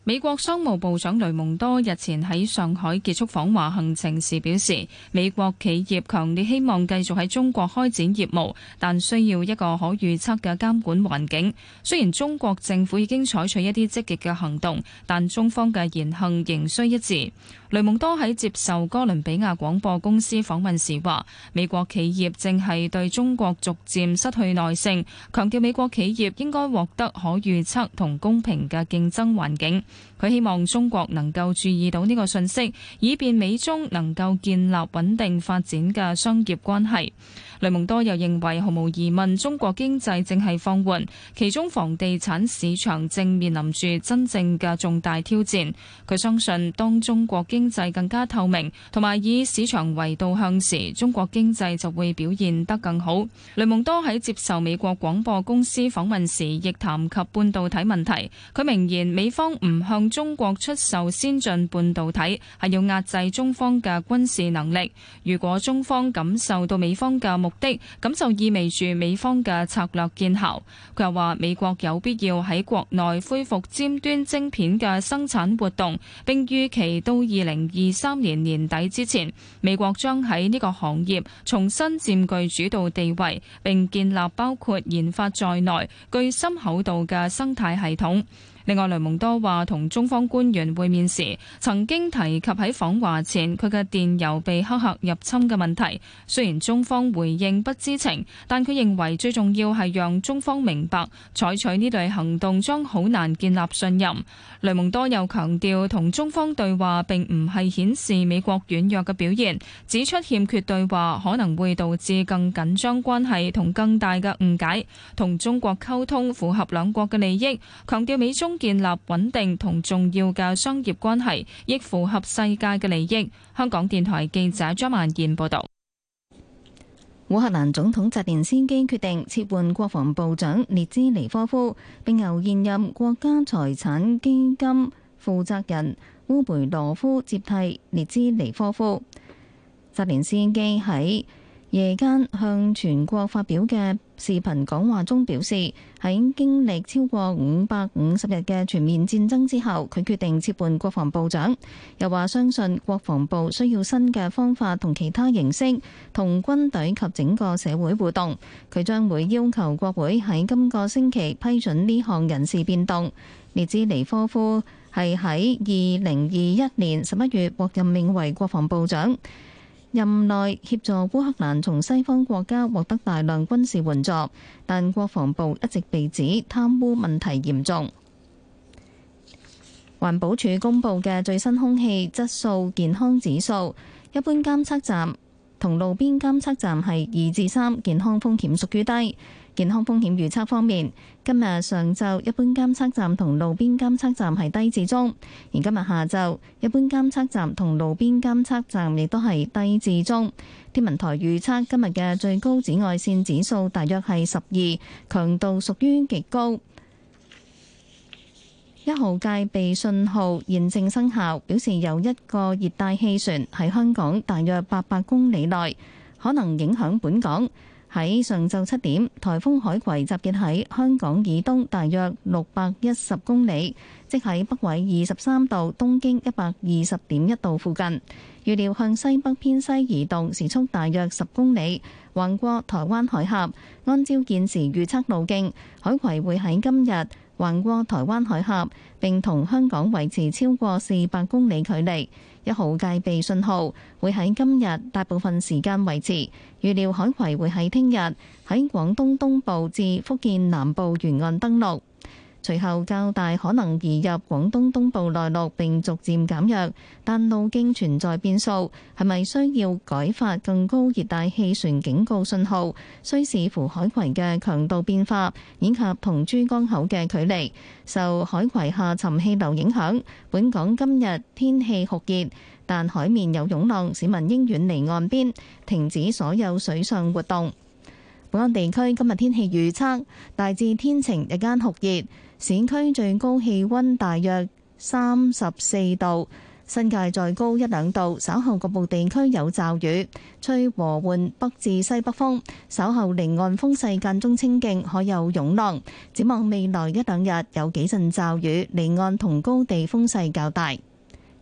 美國商務部長雷蒙多日前喺上海結束訪華行程時表示，美國企業強烈希望繼續喺中國開展業務，但需要一個可預測嘅監管環境。雖然中國政府已經採取一啲積極嘅行動，但中方嘅言行仍需一致。雷蒙多喺接受哥倫比亞廣播公司訪問時話，美國企業正係對中國逐漸失去耐性，強調美國企業應該獲得可預測同公平嘅競爭環境。佢希望中國能夠注意到呢個信息，以便美中能夠建立穩定發展嘅商業關係。雷蒙多又認為毫無疑問，中國經濟正係放緩，其中房地產市場正面臨住真正嘅重大挑戰。佢相信當中國經濟更加透明同埋以市場為導向時，中國經濟就會表現得更好。雷蒙多喺接受美國廣播公司訪問時，亦談及半導體問題。佢明言美方唔向中國出售先進半導體，係要壓制中方嘅軍事能力。如果中方感受到美方嘅目的，咁就意味住美方嘅策略見效。佢又話，美國有必要喺國內恢復尖端晶片嘅生產活動，並預期到二零二三年年底之前，美國將喺呢個行業重新佔據主導地位，並建立包括研發在內具深厚度嘅生態系統。另外，雷蒙多話同中方官員會面時，曾經提及喺訪華前佢嘅電郵被黑客入侵嘅問題。雖然中方回應不知情，但佢認為最重要係讓中方明白，採取呢類行動將好難建立信任。雷蒙多又強調，同中方對話並唔係顯示美國軟弱嘅表現，指出欠缺對話可能會導致更緊張關係同更大嘅誤解。同中國溝通符合兩國嘅利益，強調美中。建立穩定同重要嘅商業關係，亦符合世界嘅利益。香港電台記者張萬健報道。烏克蘭總統澤連斯基決定撤換國防部長列茲尼科夫，並由現任國家財產基金負責人烏梅羅夫接替列茲尼科夫。澤連斯基喺夜間向全國發表嘅視頻講話中表示，喺經歷超過五百五十日嘅全面戰爭之後，佢決定撤換國防部長。又話相信國防部需要新嘅方法同其他形式同軍隊及整個社會互動。佢將會要求國會喺今個星期批准呢項人事變動。列茲尼科夫係喺二零二一年十一月獲任命為國防部長。任內協助烏克蘭從西方國家獲得大量軍事援助，但國防部一直被指貪污問題嚴重。環保署公佈嘅最新空氣質素健康指數，一般監測站同路邊監測站係二至三，健康風險屬於低。健康風險預測方面，今日上晝一般監測站同路邊監測站係低至中。而今日下晝一般監測站同路邊監測站亦都係低至中。天文台預測今日嘅最高紫外線指數大約係十二，強度屬於極高。一號戒備信號現正生效，表示有一個熱帶氣旋喺香港大約八百公里內，可能影響本港。喺上晝七點，颱風海葵集結喺香港以東大約六百一十公里，即喺北緯二十三度東經一百二十點一度附近。預料向西北偏西移動，時速大約十公里，橫過台灣海峽。按照現時預測路徑，海葵會喺今日橫過台灣海峽，並同香港維持超過四百公里距離。一號戒備信號會喺今日大部分時間維持，預料海葵會喺聽日喺廣東東部至福建南部沿岸登陸。隨後較大可能移入廣東東部內陸，並逐漸減弱。但路徑存在變數，係咪需要改發更高熱帶氣旋警告信號，需視乎海葵嘅強度變化以及同珠江口嘅距離。受海葵下沉氣流影響，本港今日天氣酷熱，但海面有湧浪，市民應遠離岸邊，停止所有水上活動。本港地區今日天氣預測大致天晴，日間酷熱。市區最高氣温大約三十四度，新界再高一兩度。稍後局部地區有驟雨，吹和緩北至西北風。稍後離岸風勢間中清勁，可有湧浪。展望未來一兩日有幾陣驟雨，離岸同高地風勢較大。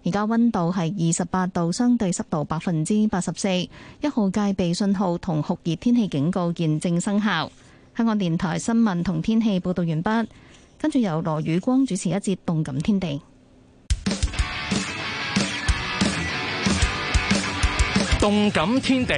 而家温度係二十八度，相對濕度百分之八十四。一號戒備信號同酷熱天氣警告現正生效。香港電台新聞同天氣報導完畢。跟住由羅宇光主持一節《動感天地》。《動感天地》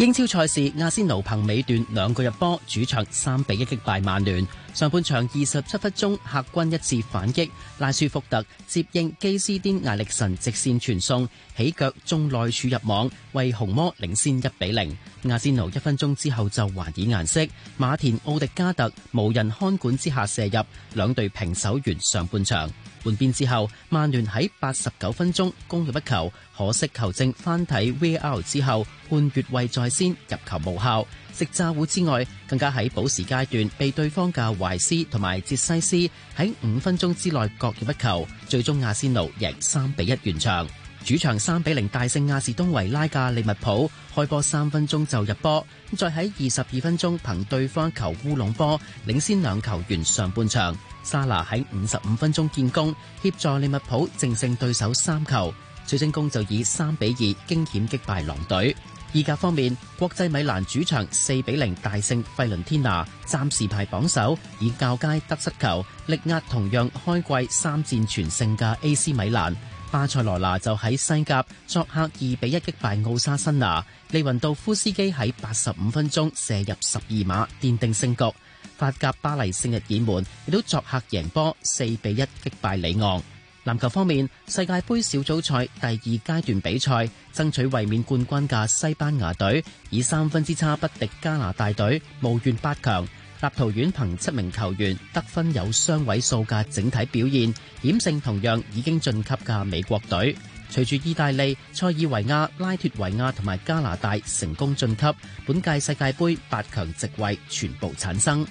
英超賽事，阿仙奴憑尾段兩個入波，主場三比一擊敗曼聯。上半場二十七分鐘，客軍一次反擊，拉舒福特接應基斯甸艾力神直線傳送，起腳中內處入網，為紅魔領先一比零。阿仙奴一分鐘之後就還以顏色，馬田奧迪加特無人看管之下射入，兩隊平手完上半場。換邊之後，曼聯喺八十九分鐘攻入一球，可惜球證翻睇 VAR 之後判越位在先，入球無效。食詐糊之外，更加喺補時階段被對方嘅懷斯同埋捷西斯喺五分鐘之內各入一球，最終阿仙奴贏三比一完場。主場三比零大勝亞士東維拉嘅利物浦，開波三分鐘就入波，再喺二十二分鐘憑對方球烏龍波領先兩球完上半場。莎拿喺五十五分鐘建功，協助利物浦淨勝對手三球。水晶宮就以三比二驚險擊敗狼隊。意甲方面，國際米蘭主場四比零大勝費倫天拿，暫時排榜首，以較佳得失球力壓同樣開季三戰全勝嘅 AC 米蘭。巴塞羅那就喺西甲作客二比一擊敗奧沙辛拿，利雲道夫斯基喺八十五分鐘射入十二碼，奠定勝局。法甲巴黎聖日耳門亦都作客贏波，四比一擊敗里昂。籃球方面，世界盃小組賽第二階段比賽，爭取衛冕冠軍嘅西班牙隊以三分之差不敵加拿大隊，無緣八強。立陶宛憑七名球員得分有雙位數嘅整體表現，險勝同樣已經晉級嘅美國隊。隨住意大利、塞爾維亞、拉脫維亞同埋加拿大成功晉級，本屆世界盃八強席位全部產生。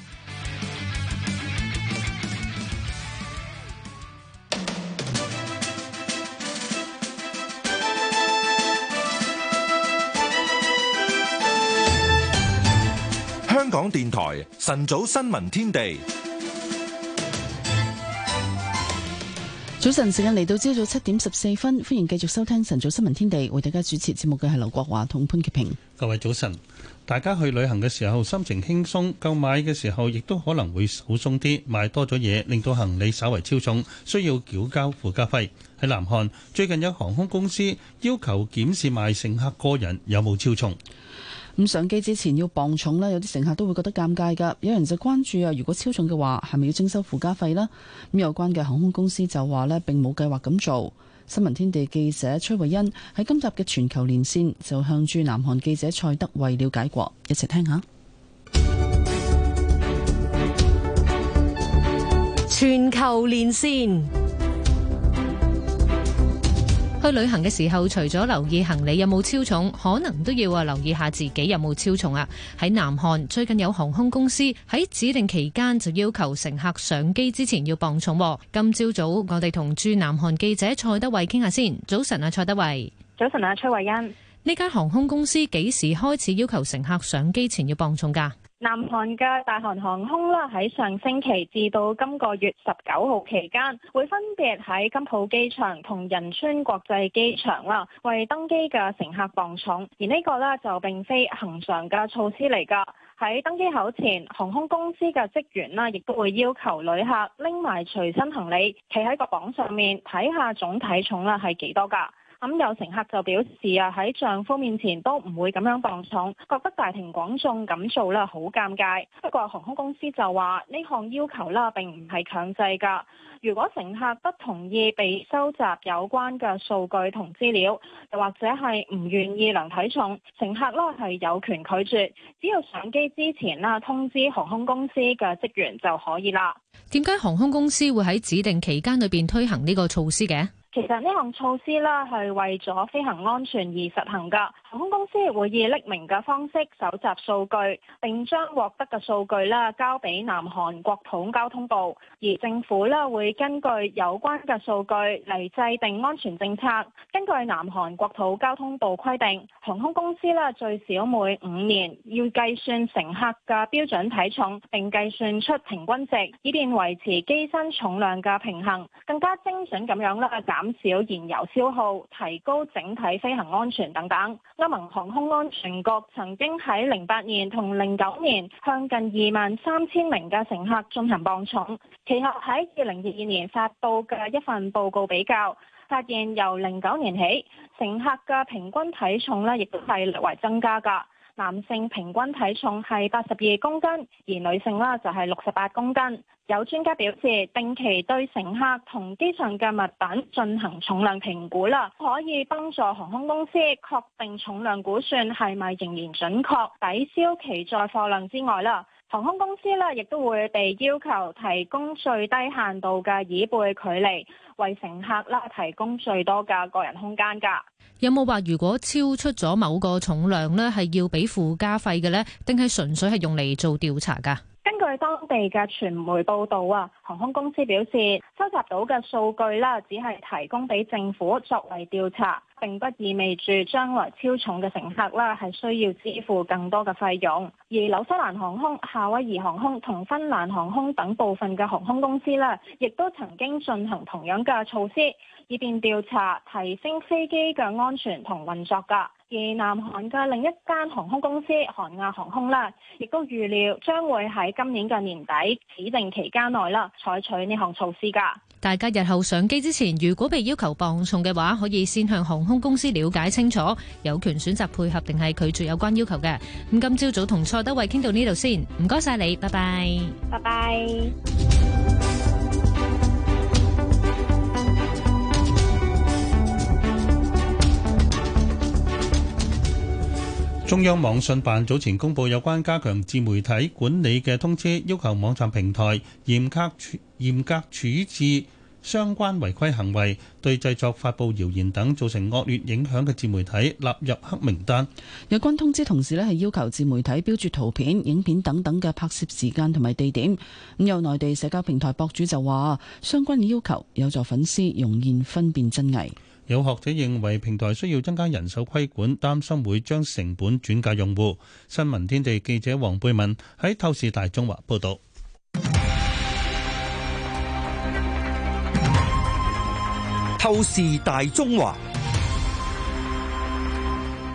香港電台晨早新聞天地。早晨，時間嚟到朝早七點十四分，歡迎繼續收聽晨早新聞天地，為大家主持節目嘅係劉國華同潘潔平。各位早晨，大家去旅行嘅時候心情輕鬆，購買嘅時候亦都可能會手鬆啲，買多咗嘢，令到行李稍為超重，需要繳交附加費。喺南韓最近有航空公司要求檢視賣乘客個人有冇超重。咁上機之前要磅重咧，有啲乘客都會覺得尷尬噶。有人就關注啊，如果超重嘅話，係咪要徵收附加費咧？咁有關嘅航空公司就話咧，並冇計劃咁做。新聞天地記者崔慧欣喺今集嘅全球連線就向駐南韓記者蔡德慧了解過，一齊聽一下。全球連線。去旅行嘅時候，除咗留意行李有冇超重，可能都要啊留意下自己有冇超重啊！喺南韓最近有航空公司喺指定期間就要求乘客上機之前要磅重。今朝早，早我哋同駐南韓記者蔡德偉傾下先。早晨啊，蔡德偉。早晨啊，崔慧欣，呢間航空公司幾時開始要求乘客上機前要磅重㗎？南韓嘅大韓航空啦，喺上星期至到今個月十九號期間，會分別喺金浦機場同仁川國際機場啦，為登機嘅乘客磅重。而呢個咧就並非恆常嘅措施嚟㗎。喺登機口前，航空公司嘅職員啦，亦都會要求旅客拎埋隨身行李，企喺個磅上面睇下總體重啦係幾多㗎。咁有乘客就表示啊，喺丈夫面前都唔會咁樣磅重，覺得大庭廣眾咁做啦好尷尬。不過航空公司就話呢項要求啦，並唔係強制噶。如果乘客不同意被收集有關嘅數據同資料，又或者係唔願意量體重，乘客啦係有權拒絕。只要上機之前啦通知航空公司嘅職員就可以啦。點解航空公司會喺指定期間裏邊推行呢個措施嘅？其實呢項措施咧係為咗飛行安全而實行噶。航空公司會以匿名嘅方式搜集數據，並將獲得嘅數據呢交俾南韓國土交通部，而政府呢會根據有關嘅數據嚟制定安全政策。根據南韓國土交通部規定，航空公司呢最少每五年要計算乘客嘅標準體重，並計算出平均值，以便維持機身重量嘅平衡，更加精準咁樣咧減少燃油消耗，提高整體飛行安全等等。歐盟航空安全局曾經喺零八年同零九年向近二萬三千名嘅乘客進行磅重，其後喺二零二二年發布嘅一份報告比較，發現由零九年起，乘客嘅平均體重咧亦都係略為增加噶。男性平均體重係八十二公斤，而女性啦就係六十八公斤。有專家表示，定期對乘客同機上嘅物品進行重量評估啦，可以幫助航空公司確定重量估算係咪仍然準確，抵消其載貨量之外啦。航空公司咧，亦都會被要求提供最低限度嘅椅背距離，為乘客啦提供最多嘅個人空間噶。有冇話如果超出咗某個重量呢，係要俾附加費嘅呢？定係純粹係用嚟做調查噶根據當地嘅傳媒報導啊，航空公司表示收集到嘅數據啦，只係提供俾政府作為調查，並不意味住將來超重嘅乘客啦係需要支付更多嘅費用。而紐西蘭航空、夏威夷航空、同芬蘭航空等部分嘅航空公司啦，亦都曾經進行同樣嘅措施，以便調查提升飛機嘅安全同運作㗎。而中央網信辦早前公佈有關加強自媒體管理嘅通知，要求網站平台嚴格嚴格處置相關違規行為，對製作、發布謠言等造成惡劣影響嘅自媒體納入黑名單。有關通知同時呢係要求自媒體標注圖片、影片等等嘅拍攝時間同埋地點。咁有內地社交平台博主就話：相關嘅要求有助粉絲容易分辨真偽。有學者認為平台需要增加人手規管，擔心會將成本轉嫁用戶。新聞天地記者黃貝文喺《透視大中華》報導，《透視大中華》。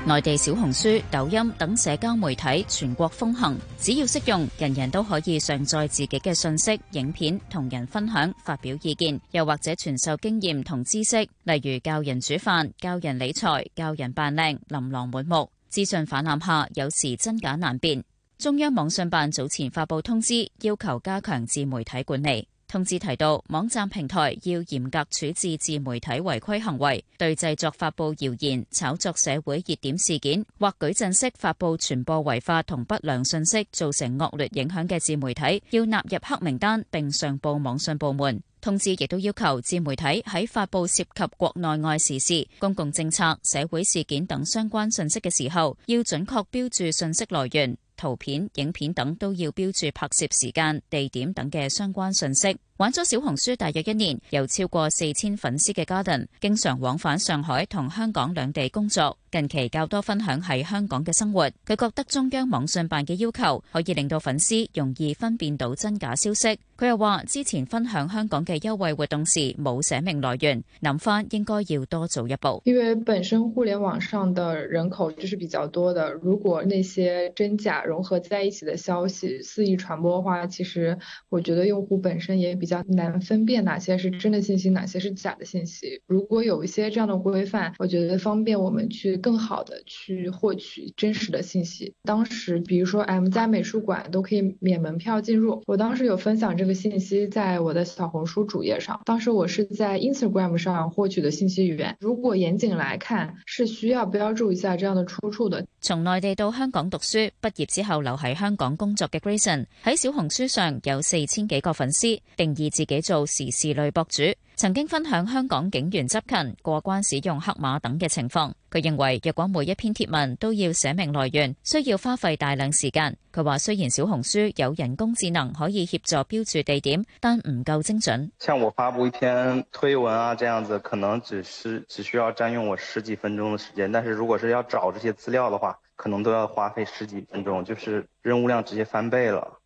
內地小紅書、抖音等社交媒體全國風行，只要適用，人人都可以上載自己嘅信息、影片，同人分享、發表意見，又或者傳授經驗同知識，例如教人煮飯、教人理財、教人扮靚，琳琅滿目。資訊氾濫下，有時真假難辨。中央網信辦早前發布通知，要求加強自媒體管理。通知提到，網站平台要嚴格處置自媒體違規行為，對製作、發佈謠言、炒作社會熱點事件或矩陣式發佈傳播違法同不良信息造成惡劣影響嘅自媒體要納入黑名單，並上報網信部門。通知亦都要求自媒體喺發佈涉及國內外時事、公共政策、社會事件等相關信息嘅時候，要準確標注信息來源。圖片、影片等都要標注拍攝時間、地點等嘅相關信息。玩咗小紅書大約一年，有超過四千粉絲嘅 Garden 經常往返上海同香港兩地工作。近期較多分享喺香港嘅生活。佢覺得中央網信辦嘅要求可以令到粉絲容易分辨到真假消息。佢又話之前分享香港嘅優惠活動時冇寫明來源，諗翻，應該要多做一步。因為本身互聯網上的人口就是比較多的，如果那些真假融合在一起的消息肆意傳播的話，其實我覺得用戶本身也比較難分辨哪些是真的信息，哪些是假的信息。如果有一些這樣的規範，我覺得方便我們去更好的去獲取真實的信息。當時，比如說 M 家美術館都可以免門票進入，我當時有分享這個信息在我的小紅書主頁上。當時我是在 Instagram 上獲取的信息源。如果嚴謹來看，是需要標注一下這樣的出處的。從內地到香港讀書，畢業之後留喺香港工作嘅 Grayson 喺小紅書上有四千幾個粉絲，並以自己做時事類博主，曾經分享香港警員執勤、過關使用黑馬等嘅情況。佢認為，若果每一篇貼文都要寫明來源，需要花費大量時間。佢話，雖然小紅書有人工智能可以協助標注地點，但唔夠精準。像我發布一篇推文啊，這樣子可能只是只需要佔用我十幾分鐘的時間，但是如果是要找這些資料的話，可能都要花費十幾分鐘，就是任務量直接翻倍了。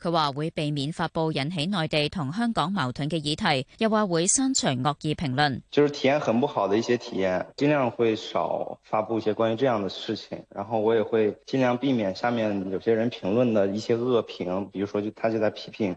佢話會避免發布引起內地同香港矛盾嘅議題，又話會刪除惡意評論。就是體驗很不好的一些體驗，盡量會少發布一些關於這樣的事情，然後我也會盡量避免下面有些人評論的一些惡評，比如說就他就在批評。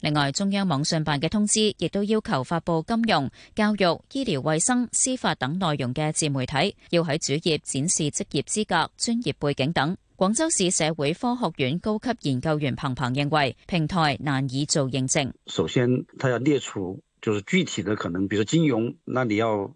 另外，中央網信辦嘅通知亦都要求發布金融、教育、醫療衛生、司法等內容嘅自媒體，要喺主頁展示職業資格、專業背景等。廣州市社會科學院高級研究員彭彭認為，平台難以做認證。首先，他要列出，就是具體的可能，比如金融，那你要。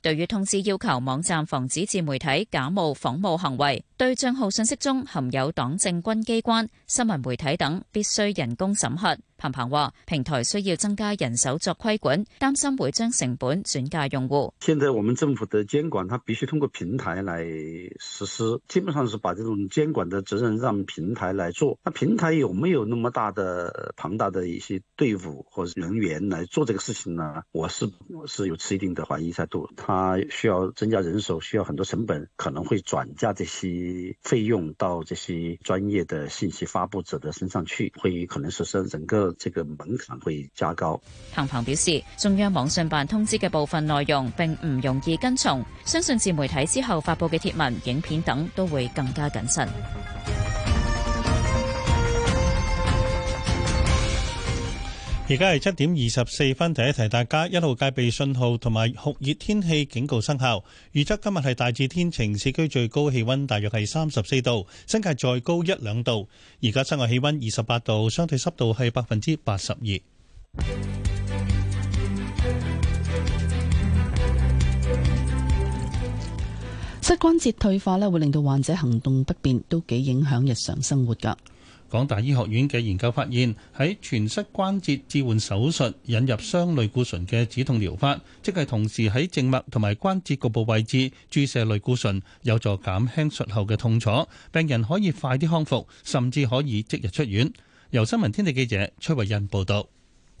對於通知，要求網站防止自媒體假冒仿冒行為，對賬號信息中含有黨政軍機關、新聞媒體等，必須人工審核。鵬鵬話，平台需要增加人手作規管，擔心會將成本轉嫁用戶。現在我們政府的監管，它必須通過平台來實施，基本上是把這種監管的責任讓平台來做。那平台有沒有那麼大的龐大的一些隊伍或者人員來做這個事情呢？我是我是有持一定的懷疑態度。它需要增加人手，需要很多成本，可能會轉嫁這些費用到這些專業的信息發布者的身上去，會可能是施整個。這個門檻會加高。彭鵬表示，中央網信辦通知嘅部分內容並唔容易跟從，相信自媒體之後發佈嘅帖文、影片等都會更加謹慎。而家係七點二十四分，提一提大家，一號戒備信號同埋酷熱天氣警告生效。預測今日係大致天晴，市區最高氣溫大約係三十四度，新界再高一兩度。而家室外氣溫二十八度，相對濕度係百分之八十二。膝關節退化咧，會令到患者行動不便，都幾影響日常生活㗎。港大醫學院嘅研究發現，喺全膝關節置換手術引入雙類固醇嘅止痛療法，即係同時喺靜脈同埋關節局部位置注射類固醇，有助減輕術後嘅痛楚，病人可以快啲康復，甚至可以即日出院。由新聞天地記者崔慧欣報道。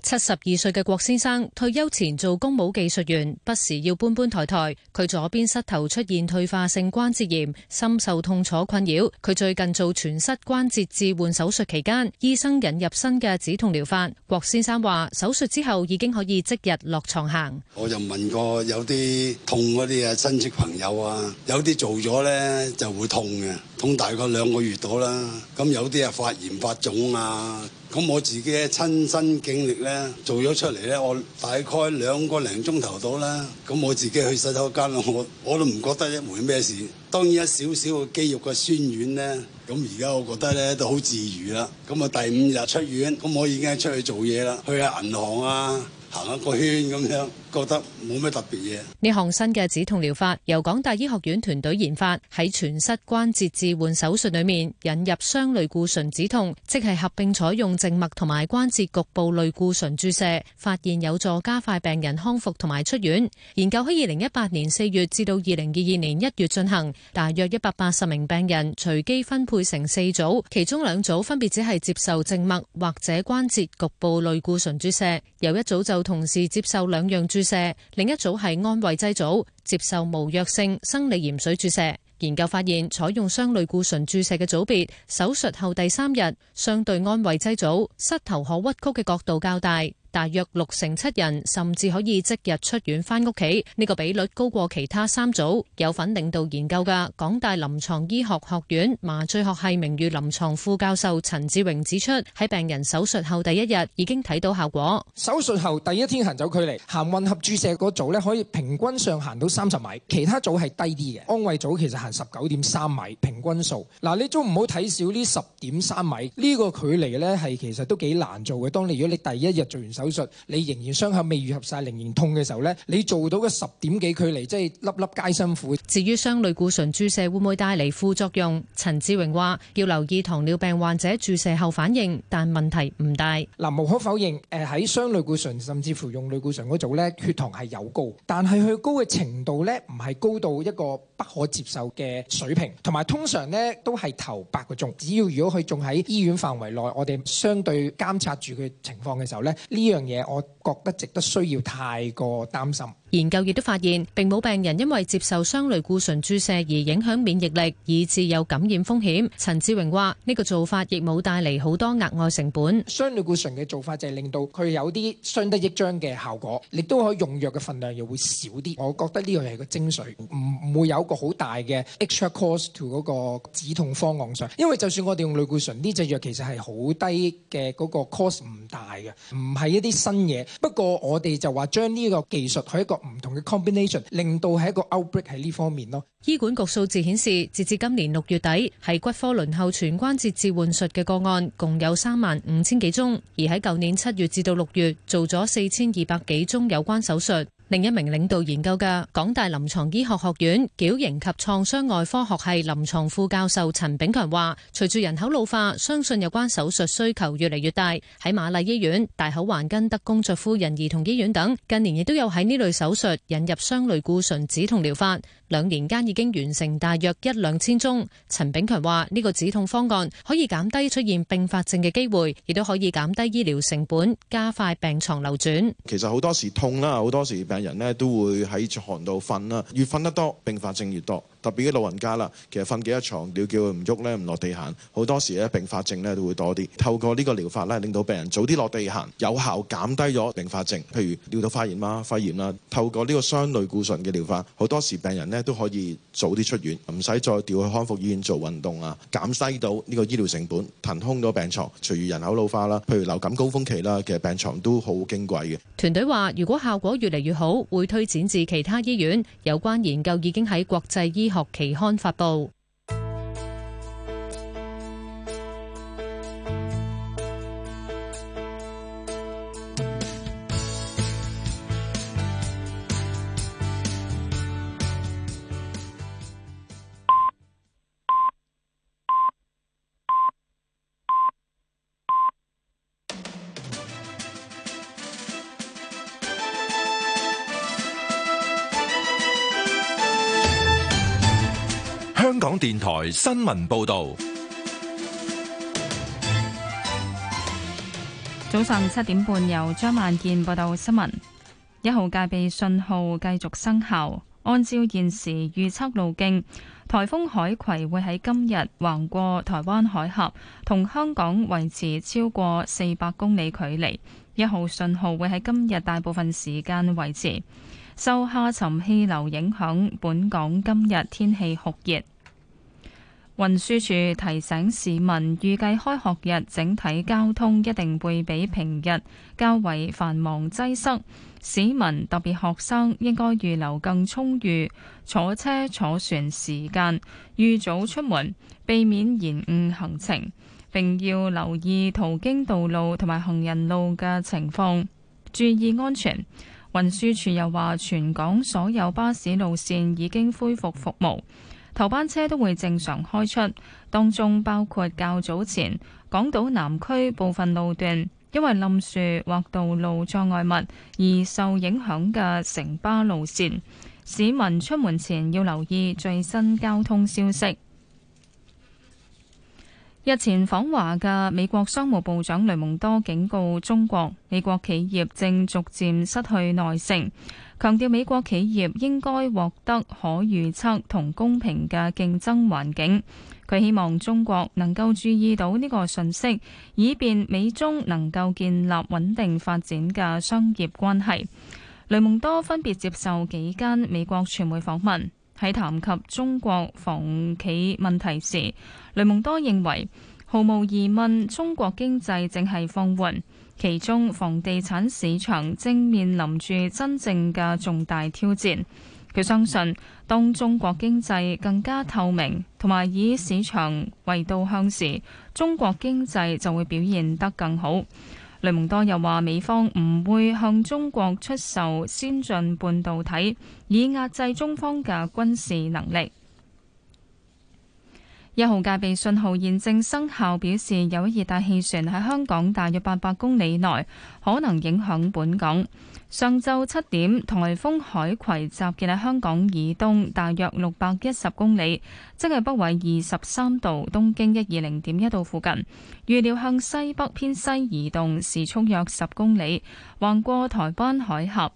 七十二歲嘅郭先生退休前做公務技術員，不時要搬搬抬抬。佢左邊膝頭出現退化性關節炎，深受痛楚困擾。佢最近做全膝關節置換手術期間，醫生引入新嘅止痛療法。郭先生話：手術之後已經可以即日落床行。我就問過有啲痛嗰啲啊，親戚朋友啊，有啲做咗咧就會痛嘅，痛大概兩個月到啦。咁有啲啊發炎發腫啊。咁我自己嘅親身經歷呢，做咗出嚟呢，我大概兩個零鐘頭到啦。咁我自己去洗手間，我我都唔覺得一門咩事。當然一少少個肌肉嘅酸軟呢，咁而家我覺得呢都好自如啦。咁啊第五日出院，咁我已經係出去做嘢啦，去下銀行啊。行一個圈咁樣，覺得冇咩特別嘢。呢項新嘅止痛療法由港大醫學院團隊研發，喺全膝關節置換手術裏面引入雙類固醇止痛，即係合併採用靜脈同埋關節局部類固醇注射，發現有助加快病人康復同埋出院。研究喺二零一八年四月至到二零二二年一月進行，大約一百八十名病人隨機分配成四組，其中兩組分別只係接受靜脈或者關節局部類固醇注射，有一組就同時接受兩樣注射，另一組係安慰劑組，接受無藥性生理鹽水注射。研究發現，採用雙類固醇注射嘅組別，手術後第三日相對安慰劑組膝頭可屈曲嘅角度較大。大約六成七人甚至可以即日出院翻屋企，呢個比率高過其他三組。有份領導研究嘅港大臨床醫學學院麻醉學系名譽臨床副教授陳志榮指出，喺病人手術後第一日已經睇到效果。手術後第一天行走，走距離，行混合注射個組咧，可以平均上行到三十米，其他組係低啲嘅。安慰組其實行十九點三米，平均數。嗱，你都唔好睇少呢十點三米，呢個距離呢係其實都幾難做嘅。當你如果你第一日做完手，手術你仍然傷口未愈合晒，仍然痛嘅時候呢，你做到嘅十點幾距離，即係粒粒皆辛苦。至於雙類固醇注射會唔會帶嚟副作用？陳志榮話要留意糖尿病患者注射後反應，但問題唔大。嗱，無可否認，喺雙類固醇甚至乎用類固醇嗰組呢，血糖係有高，但係佢高嘅程度呢，唔係高到一個不可接受嘅水平，同埋通常呢都係頭八個鐘，只要如果佢仲喺醫院範圍內，我哋相對監察住佢情況嘅時候咧，呢。呢樣嘢我。覺得值得需要太過擔心。研究亦都發現，並冇病人因為接受雙類固醇注射而影響免疫力，以致有感染風險。陳志榮話：呢個做法亦冇帶嚟好多額外成本。雙類固醇嘅做法就係令到佢有啲相得益彰嘅效果，亦都可以用藥嘅分量又會少啲。我覺得呢樣係個精髓，唔唔會有一個好大嘅 extra cost to 嗰個止痛方案上。因為就算我哋用類固醇呢隻藥，其實係好低嘅嗰個 cost 唔大嘅，唔係一啲新嘢。不過，我哋就話將呢個技術係一個唔同嘅 combination，令到係一個 outbreak 喺呢方面咯。醫管局數字顯示，截至今年六月底，喺骨科輪候全關節置換術嘅個案共有三萬五千幾宗，而喺舊年七月至到六月，做咗四千二百幾宗有關手術。另一名領導研究嘅港大臨床醫學學院矯形及創傷外科學系臨床副教授陳炳強話，隨住人口老化，相信有關手術需求越嚟越大。喺瑪麗醫院、大口環根德公爵夫人兒童醫院等，近年亦都有喺呢類手術引入雙類固醇止痛療法。兩年間已經完成大約一兩千宗。陳炳強話，呢個止痛方案可以減低出現併發症嘅機會，亦都可以減低醫療成本，加快病床流轉。其實好多時痛啦，好多時病人咧都會喺床度瞓啦，越瞓得多，併發症越多。特別嘅老人家啦，其實瞓幾多牀尿叫佢唔喐咧，唔落地行，好多時咧併發症咧都會多啲。透過呢個療法咧，令到病人早啲落地行，有效減低咗併發症，譬如尿道發炎啦、肺炎啦。透過呢個雙類固醇嘅療法，好多時病人呢都可以早啲出院，唔使再調去康復醫院做運動啊，減低到呢個醫療成本，騰空咗病床。隨住人口老化啦，譬如流感高峰期啦，其實病床都好矜貴嘅。團隊話：如果效果越嚟越好，會推展至其他醫院。有關研究已經喺國際醫院學期刊發布。電台新聞報道，早上七點半由張萬健報道新聞。一號戒備信號繼續生效，按照現時預測路徑，台風海葵會喺今日橫過台灣海峽，同香港維持超過四百公里距離。一號信號會喺今日大部分時間維持。受下沉氣流影響，本港今日天氣酷熱。運輸處提醒市民，預計開學日整體交通一定會比平日較為繁忙擠塞，市民特別學生應該預留更充裕坐車坐船時間，預早出門，避免延誤行程，並要留意途經道路同埋行人路嘅情況，注意安全。運輸處又話，全港所有巴士路線已經恢復服務。頭班車都會正常開出，當中包括較早前港島南區部分路段，因為冧樹或道路障礙物而受影響嘅城巴路線。市民出門前要留意最新交通消息。日前訪華嘅美國商務部長雷蒙多警告中國，美國企業正逐漸失去耐性。強調美國企業應該獲得可預測同公平嘅競爭環境。佢希望中國能夠注意到呢個信息，以便美中能夠建立穩定發展嘅商業關係。雷蒙多分別接受幾間美國傳媒訪問。喺談及中國房企問題時，雷蒙多認為毫無疑問，中國經濟正係放緩。其中，房地產市場正面臨住真正嘅重大挑戰。佢相信，當中國經濟更加透明同埋以市場為導向時，中國經濟就會表現得更好。雷蒙多又話：美方唔會向中國出售先進半導體，以壓制中方嘅軍事能力。一號戒備信號現正生效，表示有一熱帶氣旋喺香港大約八百公里內，可能影響本港。上晝七點，颱風海葵集結喺香港以東大約六百一十公里，即係北緯二十三度東經一二零點一度附近，預料向西北偏西移動，時速約十公里，橫過台灣海峽。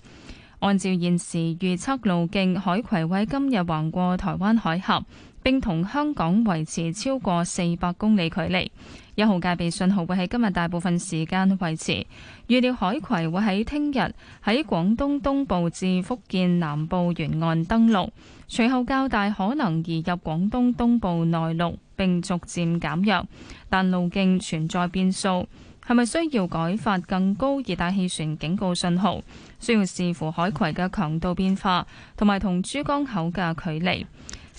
按照現時預測路徑，海葵位今日橫過台灣海峽。並同香港維持超過四百公里距離。一號戒備信號會喺今日大部分時間維持。預料海葵會喺聽日喺廣東東部至福建南部沿岸登陸，隨後較大可能移入廣東東部內陸並逐漸減弱，但路徑存在變數。係咪需要改發更高熱帶氣旋警告信號？需要視乎海葵嘅強度變化同埋同珠江口嘅距離。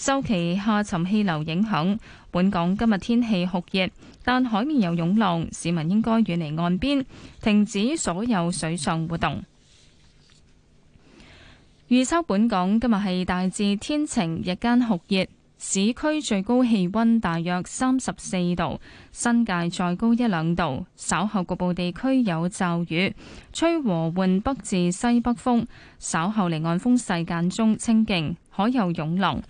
受其下沉氣流影響，本港今日天氣酷熱，但海面有湧浪，市民應該遠離岸邊，停止所有水上活動。預測本港今日係大致天晴，日間酷熱，市區最高氣温大約三十四度，新界再高一兩度。稍後局部地區有驟雨，吹和緩北至西北風。稍後離岸風勢間中清勁，海有湧浪。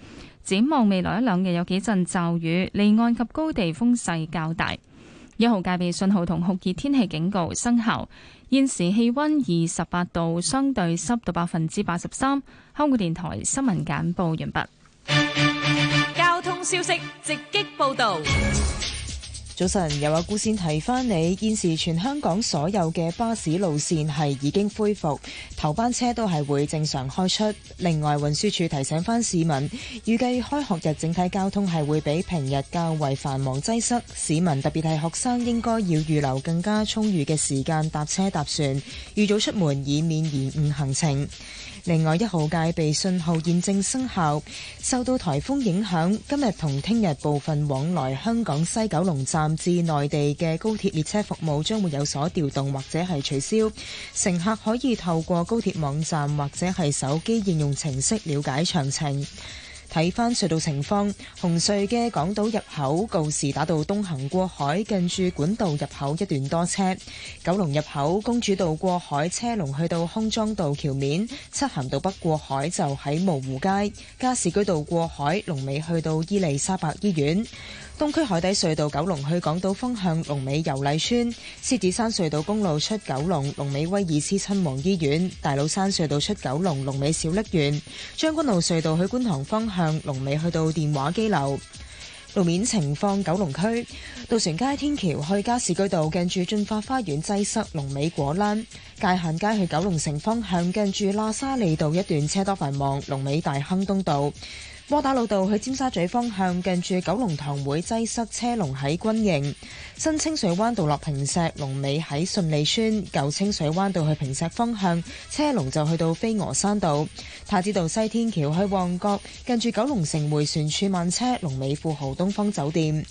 展望未來一兩日有幾陣驟雨，離岸及高地風勢較大。一號戒備信號同酷熱天氣警告生效。現時氣溫二十八度，相對濕度百分之八十三。香港電台新聞簡報完畢。交通消息直擊報道。早晨，有位顧先提翻你，現時全香港所有嘅巴士路線係已經恢復，頭班車都係會正常開出。另外，運輸署提醒翻市民，預計開學日整體交通係會比平日較為繁忙擠塞，市民特別係學生應該要預留更加充裕嘅時間搭車搭船，預早出門以免延誤行程。另外，一號戒備信號驗證生效，受到颱風影響，今日同聽日部分往來香港西九龍站至內地嘅高鐵列車服務將會有所調動或者係取消，乘客可以透過高鐵網站或者係手機應用程式了解詳情。睇返隧道情況，紅隧嘅港島入口，告士打道東行過海近住管道入口一段多車，九龍入口，公主道過海車龍去到康莊道橋面，漆咸道北過海就喺蕪湖街，加士居道過海龍尾去到伊利沙伯醫院。東區海底隧道九龍去港島方向，龍尾油麗邨；獅子山隧道公路出九龍，龍尾威爾斯親王醫院；大老山隧道出九龍，龍尾小瀝源；將軍澳隧道去觀塘方向，龍尾去到電話機樓。路面情況：九龍區渡船街天橋去加士居道，近住駿發花園擠塞；龍尾果欄；界限街去九龍城方向，近住喇沙利道一段車多繁忙；龍尾大坑東道。窩打老道去尖沙咀方向，近住九龍塘會擠塞車龍喺軍營；新清水灣道落坪石龍尾喺順利村；舊清水灣道去坪石方向，車龍就去到飛鵝山道；太子道西天橋去旺角，近住九龍城迴旋處慢車龍尾富豪東方酒店。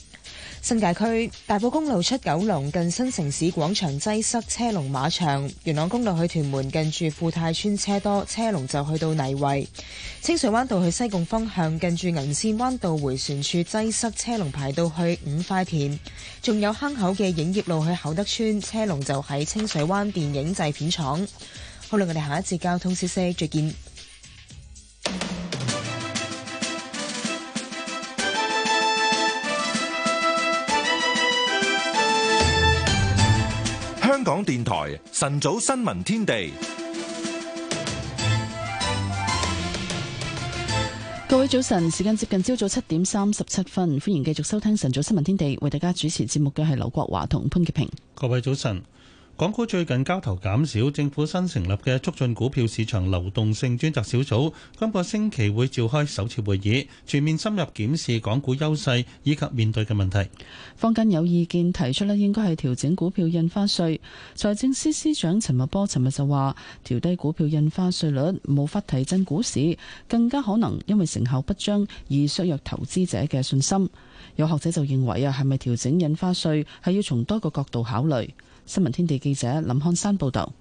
新界區大埔公路出九龍，近新城市廣場擠塞，車龍馬場。元朗公路去屯門，近住富泰村車多，車龍就去到泥圍。清水灣道去西貢方向，近住銀線灣道回旋處擠塞，車龍排到去五塊田。仲有坑口嘅影業路去厚德村，車龍就喺清水灣電影製片廠。好啦，我哋下一節交通消息，再見。香港電台晨早新聞天地，各位早晨，時間接近朝早七點三十七分，歡迎繼續收聽晨早新聞天地，為大家主持節目嘅係劉國華同潘潔平。各位早晨。港股最近交投減少，政府新成立嘅促進股票市場流動性專責小組今個星期會召開首次會議，全面深入檢視港股優勢以及面對嘅問題，坊間有意見提出咧，應該，係調整股票印花稅，財政司司長陳茂波尋日就話調低股票印花稅率無法提振股市，更加可能因為成效不彰而削弱投資者嘅信心。有學者就認為啊，係咪調整印花稅，係要從多個角度考慮。新聞天地記者林漢山報道。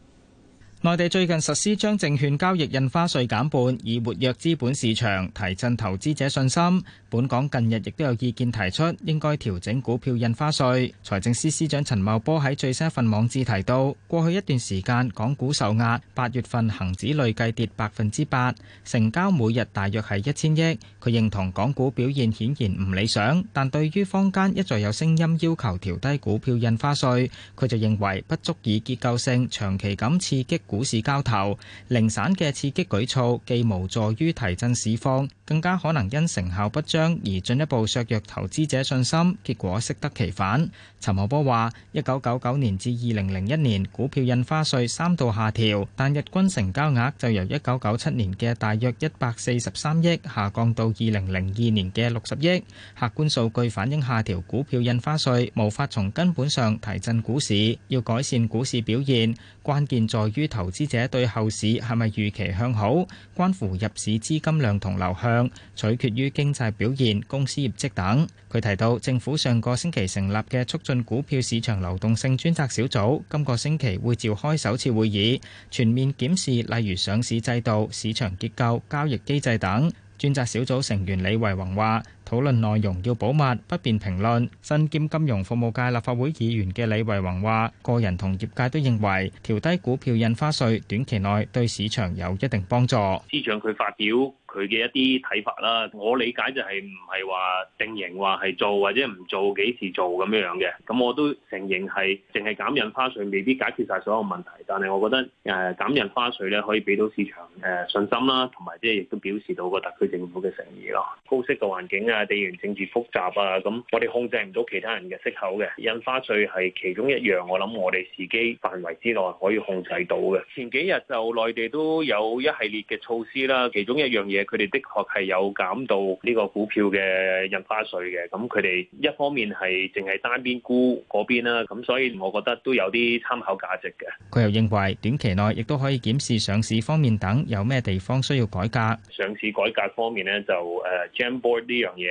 內地最近實施將證券交易印花稅減半，以活躍資本市場、提振投資者信心。本港近日亦都有意見提出，應該調整股票印花稅。財政司司長陳茂波喺最新一份網誌提到，過去一段時間港股受壓，八月份恒指累計跌百分之八，成交每日大約係一千億。佢認同港股表現顯然唔理想，但對於坊間一再有聲音要求調低股票印花稅，佢就認為不足以結構性長期咁刺激。股市交投零散嘅刺激舉措，既無助於提振市況，更加可能因成效不彰而進一步削弱投資者信心，結果適得其反。陳茂波話：一九九九年至二零零一年，股票印花稅三度下調，但日均成交額就由一九九七年嘅大約一百四十三億下降到二零零二年嘅六十億。客觀數據反映下調股票印花稅無法從根本上提振股市。要改善股市表現，關鍵在於投資者對後市係咪預期向好，關乎入市資金量同流向。取決於經濟表現,公司業績等,佢提到政府上個星期成立嘅促進股票市場流動性專責小組,今個星期會召開首次會議,全面檢視例如上市制度,市場結構,交易機制等,專責小組成員李惟宏話。討論內容要保密，不便評論。身兼金融服務界立法會議員嘅李慧瓊話：個人同業界都認為調低股票印花稅短期內對市場有一定幫助。司長佢發表佢嘅一啲睇法啦，我理解就係唔係話定型話係做或者唔做幾時做咁樣嘅。咁我都承認係淨係減印花稅未必解決晒所有問題，但係我覺得誒減印花稅咧可以俾到市場誒信心啦，同埋即係亦都表示到個特區政府嘅誠意咯。高息嘅環境啊！地緣政治複雜啊，咁我哋控制唔到其他人嘅息口嘅印花稅係其中一樣，我諗我哋時機範圍之內可以控制到嘅。前幾日就內地都有一系列嘅措施啦，其中一樣嘢佢哋的確係有減到呢個股票嘅印花稅嘅。咁佢哋一方面係淨係單邊沽嗰邊啦，咁所以我覺得都有啲參考價值嘅。佢又認為短期內亦都可以檢視上市方面等有咩地方需要改革。上市改革方面呢，就誒 GEM、uh, Board 呢樣嘢。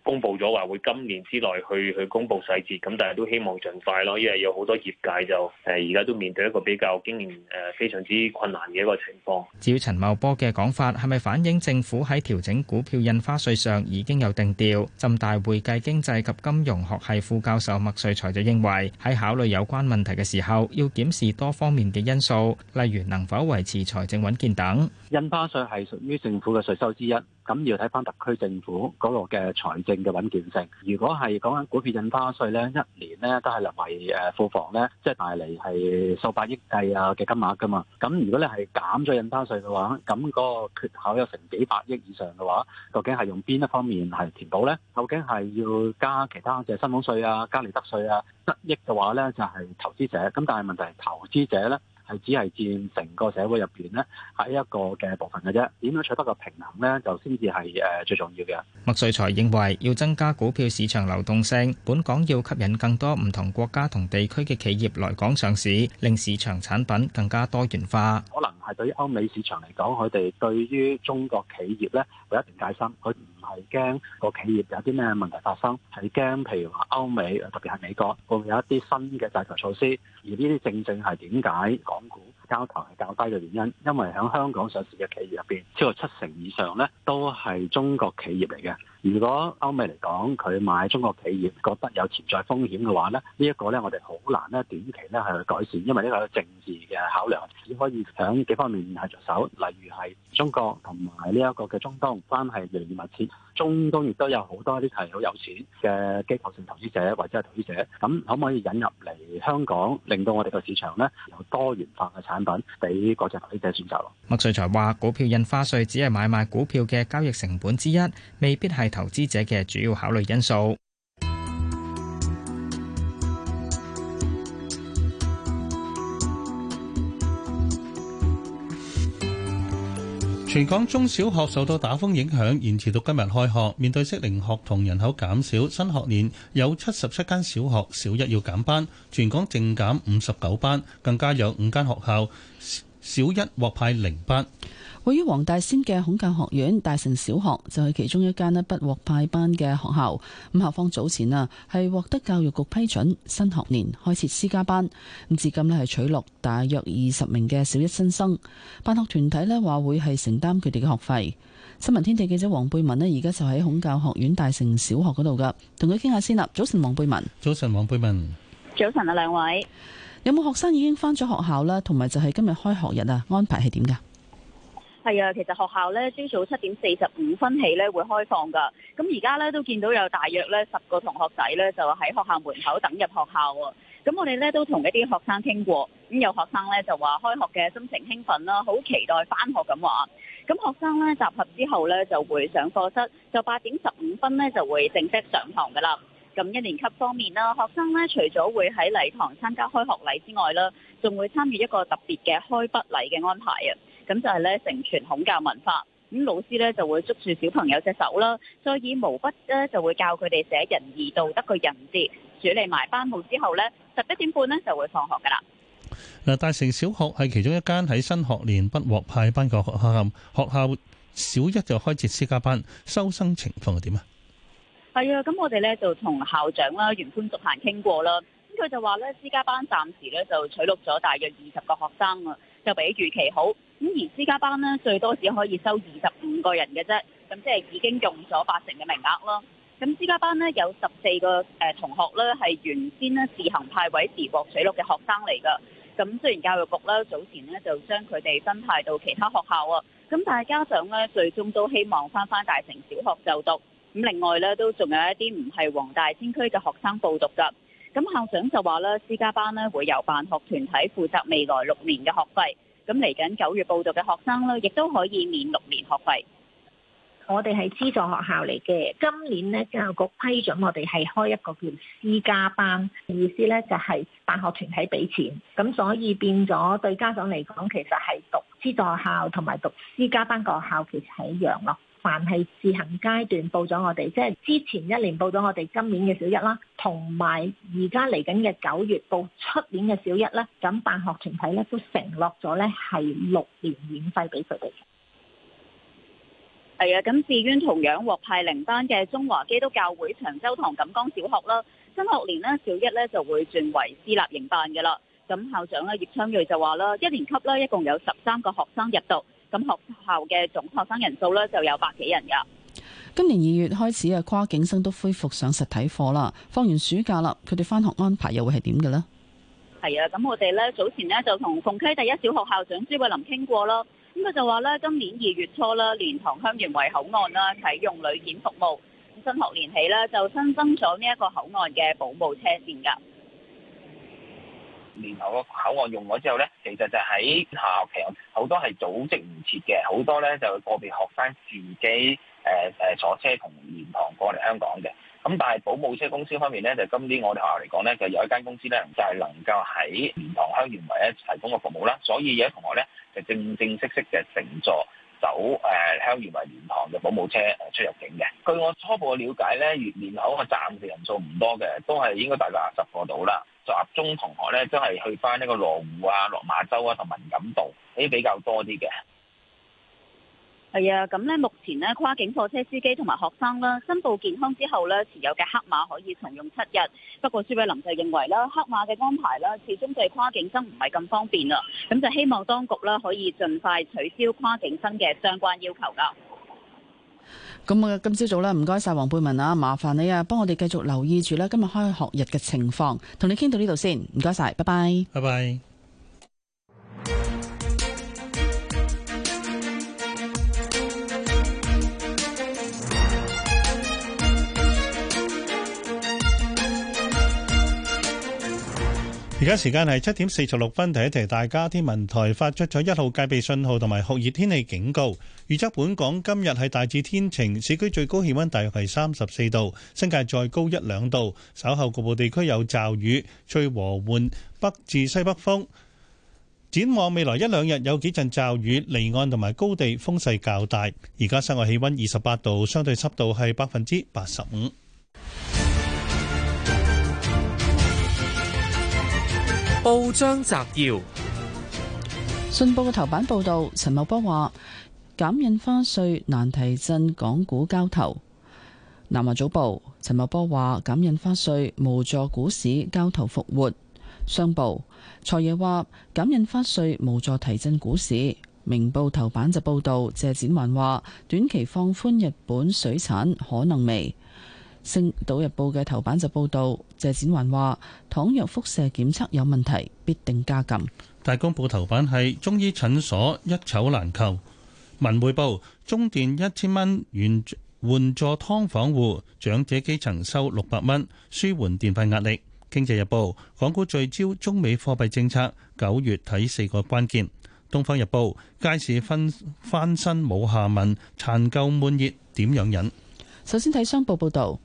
公布咗話會今年之內去去公布細節，咁但係都希望盡快咯，因為有好多業界就誒而家都面對一個比較經營誒非常之困難嘅一個情況。至於陳茂波嘅講法係咪反映政府喺調整股票印花稅上已經有定調？浸大會計經濟及金融學系副教授麥瑞才就認為，喺考慮有關問題嘅時候，要檢視多方面嘅因素，例如能否維持財政穩健等。印花稅係屬於政府嘅稅收之一，咁要睇翻特區政府嗰個嘅財政。嘅穩健性，如果係講緊股票印花稅咧，一年咧都係留埋誒庫房咧，即係帶嚟係數百億計啊嘅金額噶嘛。咁如果你係減咗印花稅嘅話，咁個缺口有成幾百億以上嘅話，究竟係用邊一方面係填補咧？究竟係要加其他即係新樓稅啊、加利得稅啊、得益嘅話咧，就係、是、投資者。咁但係問題係投資者咧。係只係佔成個社會入邊呢，係一個嘅部分嘅啫。點樣取得個平衡呢？就先至係誒最重要嘅。麥瑞才認為要增加股票市場流動性，本港要吸引更多唔同國家同地區嘅企業來港上市，令市場產品更加多元化。可能係對於歐美市場嚟講，佢哋對於中國企業呢，會一定戒心。佢唔係驚個企業有啲咩問題發生，係驚譬如話歐美特別係美國會有一啲新嘅制裁措施。而呢啲正正係點解，港股交投係較低嘅原因，因為響香港上市嘅企業入邊，超過七成以上咧都係中國企業嚟嘅。如果歐美嚟講，佢買中國企業覺得有潛在風險嘅話咧，呢一個咧我哋好難咧短期咧係去改善，因為呢個係政治嘅考量，只可以喺幾方面係着手，例如係中國同埋呢一個嘅中東關係越嚟越密切，中東亦都有好多啲係好有錢嘅機構性投資者或者係投資者，咁可唔可以引入嚟香港，令到我哋個市場咧有多元化嘅產品俾國際投資者選擇？麥瑞才話：股票印花稅只係買賣股票嘅交易成本之一，未必係。投資者嘅主要考慮因素。全港中小學受到打風影響，延遲到今日開學。面對適齡學童人口減少，新學年有七十七間小學小一要減班，全港淨減五十九班，更加有五間學校。小一獲派零班，位於黃大仙嘅孔教學院大成小學就係、是，其中一間咧不獲派班嘅學校。咁校方早前啊係獲得教育局批准，新學年開設私家班。咁至今咧係取錄大約二十名嘅小一新生、生。辦學團體咧話會係承擔佢哋嘅學費。新聞天地記者黃貝文咧而家就喺孔教學院大成小學嗰度噶，同佢傾下先啦。早晨，黃貝文。早晨，黃貝文。早晨啊，兩位。有冇學生已經翻咗學校啦？同埋就係今日開學日啊，安排係點噶？係啊，其實學校咧朝早七點四十五分起咧會開放噶。咁而家咧都見到有大約咧十個同學仔咧就喺學校門口等入學校啊。咁我哋咧都同一啲學生傾過，咁有學生咧就話開學嘅心情興奮啦，好期待翻學咁話。咁學生咧集合之後咧就會上課室，就八點十五分咧就會正式上堂噶啦。咁一年級方面啦，學生呢除咗會喺禮堂參加開學禮之外啦，仲會參與一個特別嘅開筆禮嘅安排啊。咁就係咧承傳孔教文化，咁老師呢就會捉住小朋友隻手啦，再以毛筆咧就會教佢哋寫仁義道德嘅仁字，處理埋班務之後呢，十一點半呢就會放學噶啦。嗱，大成小學係其中一間喺新學年不獲派班嘅學校，學校小一就開設私家班，收生情況係點啊？係啊，咁我哋咧就同校長啦、袁歡逐行傾過啦。咁佢就話咧，私家班暫時咧就取錄咗大約二十個學生啊，就比預期好。咁而私家班呢，最多只可以收二十五個人嘅啫，咁即係已經用咗八成嘅名額咯。咁私家班呢，有十四個誒同學咧係原先咧自行派位時獲取錄嘅學生嚟噶。咁雖然教育局咧早前呢就將佢哋分派到其他學校啊，咁但係家長咧最終都希望翻翻大城小學就讀。咁另外咧，都仲有一啲唔係黃大仙區嘅學生報讀噶。咁校長就話咧，私家班咧會由辦學團體負責未來六年嘅學費。咁嚟緊九月報讀嘅學生咧，亦都可以免六年學費。我哋係資助學校嚟嘅，今年咧教育局批准我哋係開一個叫私家班，意思咧就係辦學團體俾錢。咁所以變咗對家長嚟講，其實係讀資助學校同埋讀私家班個學校其實係一樣咯。凡係自行階段報咗我哋，即係之前一年報咗我哋今年嘅小一啦，同埋而家嚟緊嘅九月到出年嘅小一啦，咁辦學團體咧都承諾咗咧係六年免費俾佢哋。係啊，咁至於同樣獲派零班嘅中華基督教會長洲堂錦江小學啦，新學年呢，小一咧就會轉為私立營辦嘅啦。咁校長咧葉昌瑞就話啦，一年級咧一共有十三個學生入讀。咁學校嘅總學生人數咧就有百幾人噶。今年二月開始啊，跨境生都恢復上實體課啦。放完暑假啦，佢哋返學安排又會係點嘅呢？係啊，咁我哋咧早前咧就同鳳溪第一小學校長朱偉林傾過啦。咁、嗯、佢就話咧，今年二月初啦，蓮塘香園圍口岸啦，啟用旅檢服務。咁新學年起咧，就新增咗呢一個口岸嘅保姆車線噶。蓮塘個口岸用咗之後咧，其實就喺下學期好多係組織唔切嘅，好多咧就個別學生自己誒誒、呃呃、坐車同蓮塘過嚟香港嘅。咁但係保姆車公司方面咧，就今年我哋學校嚟講咧，就有一間公司咧就係、是、能夠喺蓮塘香園圍咧提供個服務啦。所以有啲同學咧就正正式式嘅乘坐走誒香園圍蓮塘嘅保姆車誒出入境嘅。據我初步嘅了解咧，蓮塘嘅暫時人數唔多嘅，都係應該大概十個度啦。集中同學咧，都係去翻呢個羅湖啊、落馬洲啊同文錦渡，啲比較多啲嘅。係啊，咁咧目前咧跨境貨車司機同埋學生啦，申報健康之後咧持有嘅黑馬可以重用七日。不過朱偉林就認為咧，黑馬嘅安排啦，始終對跨境生唔係咁方便啊，咁就希望當局啦可以盡快取消跨境生嘅相關要求㗎。咁啊，今朝早啦，唔該晒黃佩文啊，麻煩你啊，幫我哋繼續留意住啦，今日開學日嘅情況，同你傾到呢度先，唔該晒，拜拜，拜拜。而家時間係七點四十六分，提一提大家，天文台發出咗一號戒備信號同埋酷熱天氣警告。預測本港今日係大致天晴，市區最高氣温大約係三十四度，新界再高一兩度。稍後局部地區有驟雨，吹和緩北至西北風。展望未來一兩日有幾陣驟雨，離岸同埋高地風勢較大。而家室外氣温二十八度，相對濕度係百分之八十五。報章摘要：信報嘅頭版報道，陳茂波話減印花稅難提振港股交投。南華早報陳茂波話減印花稅無助股市交投復活。商報財爺話減印花稅無助提振股市。明報頭版就報道謝展寰話短期放寬日本水產可能未。《星島日報》嘅頭版就報道，謝展寰話，倘若輻射檢測有問題，必定加禁。《大公報》頭版係中醫診所一丑難求，《文匯報》中電一千蚊元援助劏房戶，長者基層收六百蚊，舒緩電費壓力。《經濟日報》港股聚焦中美貨幣政策，九月睇四個關鍵。《東方日報》街市翻翻身冇下文，殘舊悶熱點樣忍。首先睇商報報道。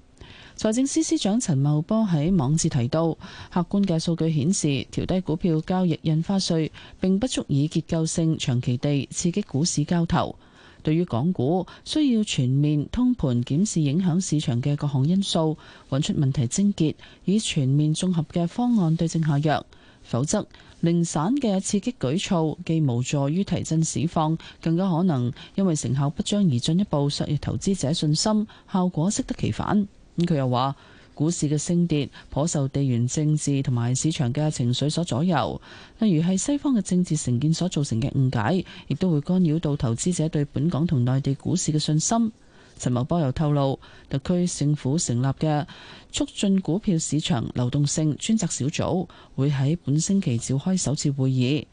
財政司司長陳茂波喺網誌提到，客觀嘅數據顯示，調低股票交易印花稅，並不足以結構性長期地刺激股市交投。對於港股，需要全面通盤檢視影響市場嘅各項因素，揾出問題症結，以全面綜合嘅方案對症下藥。否則，零散嘅刺激舉措既無助於提振市況，更加可能因為成效不彰而進一步削弱投資者信心，效果適得其反。咁佢又話，股市嘅升跌頗受地緣政治同埋市場嘅情緒所左右，例如係西方嘅政治成見所造成嘅誤解，亦都會干擾到投資者對本港同內地股市嘅信心。陳茂波又透露，特區政府成立嘅促進股票市場流動性專責小組會喺本星期召開首次會議。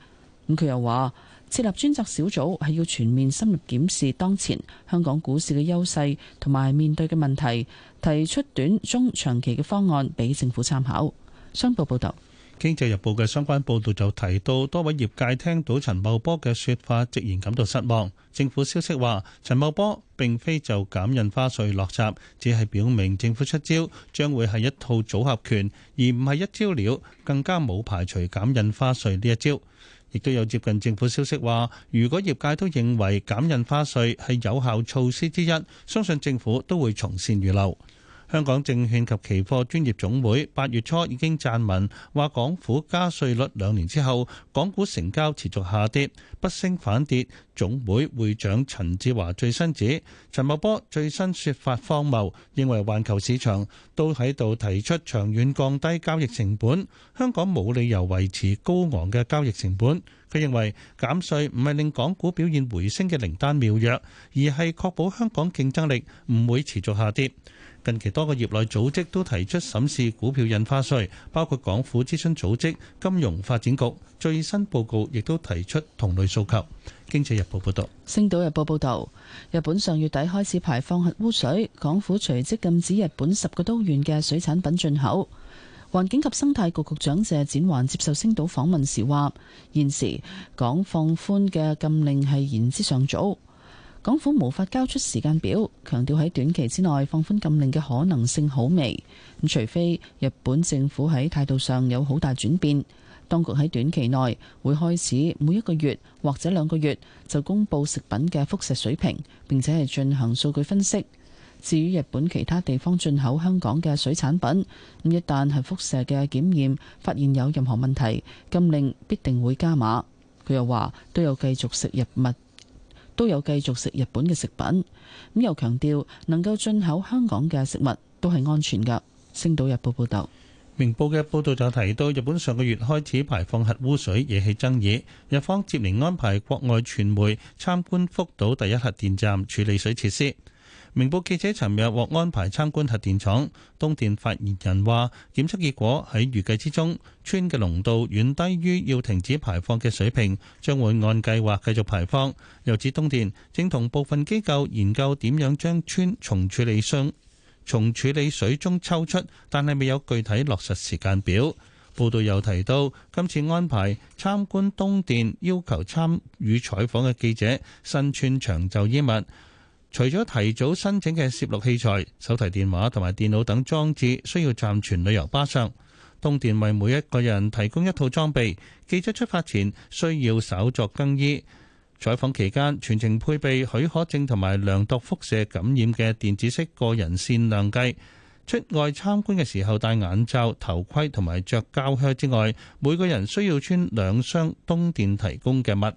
咁佢又話，設立專責小組係要全面深入檢視當前香港股市嘅優勢同埋面對嘅問題，提出短、中、長期嘅方案俾政府參考。商報報道，《經濟日報》嘅相關報道就提到，多位業界聽到陳茂波嘅說話，直言感到失望。政府消息話，陳茂波並非就減印花稅落閘，只係表明政府出招將會係一套組合拳，而唔係一招了，更加冇排除減印花稅呢一招。亦都有接近政府消息話，如果業界都認為減印花稅係有效措施之一，相信政府都會從善如流。香港證券及期貨專業總會八月初已經撰文話，港府加稅率兩年之後港股成交持續下跌，不升反跌。總會會長陳志華最新指，陳茂波最新說法荒謬，認為環球市場都喺度提出長遠降低交易成本，香港冇理由維持高昂嘅交易成本。佢認為減稅唔係令港股表現回升嘅靈丹妙藥，而係確保香港競爭力唔會持續下跌。近期多個業內組織都提出審視股票印花稅，包括港府諮詢組織、金融發展局最新報告亦都提出同類訴求。經濟日報報道。星島日報報道，日本上月底開始排放核污水，港府隨即禁止日本十個都縣嘅水產品進口。環境及生態局局長謝展環接受星島訪問時話，現時港放寬嘅禁令係言之尚早。港府無法交出時間表，強調喺短期之內放寬禁令嘅可能性好微。咁除非日本政府喺態度上有好大轉變，當局喺短期內會開始每一個月或者兩個月就公布食品嘅輻射水平，並且係進行數據分析。至於日本其他地方進口香港嘅水產品，咁一旦係輻射嘅檢驗發現有任何問題，禁令必定會加碼，佢又話都有繼續食日物。都有繼續食日本嘅食品，咁又強調能夠進口香港嘅食物都係安全㗎。《星島日報》報道，明報嘅報導就提到，日本上個月開始排放核污水，惹起爭議。日方接連安排國外傳媒參觀福島第一核電站處理水設施。明報記者尋日獲安排參觀核電廠，東電發言人話檢測結果喺預計之中，村嘅濃度遠低於要停止排放嘅水平，將會按計劃繼續排放。又指東電正同部分機構研究點樣將村從處理箱從處理水中抽出，但係未有具體落實時間表。報道又提到，今次安排參觀東電，要求參與採訪嘅記者身穿長袖衣物。除咗提早申請嘅攝錄器材、手提電話同埋電腦等裝置，需要暫存旅遊巴上。東電為每一個人提供一套裝備。記者出發前需要稍作更衣。採訪期間全程配備許可證同埋量度輻射感染嘅電子式個人線量計。出外參觀嘅時候戴眼罩、頭盔同埋着膠靴之外，每個人需要穿兩雙東電提供嘅襪。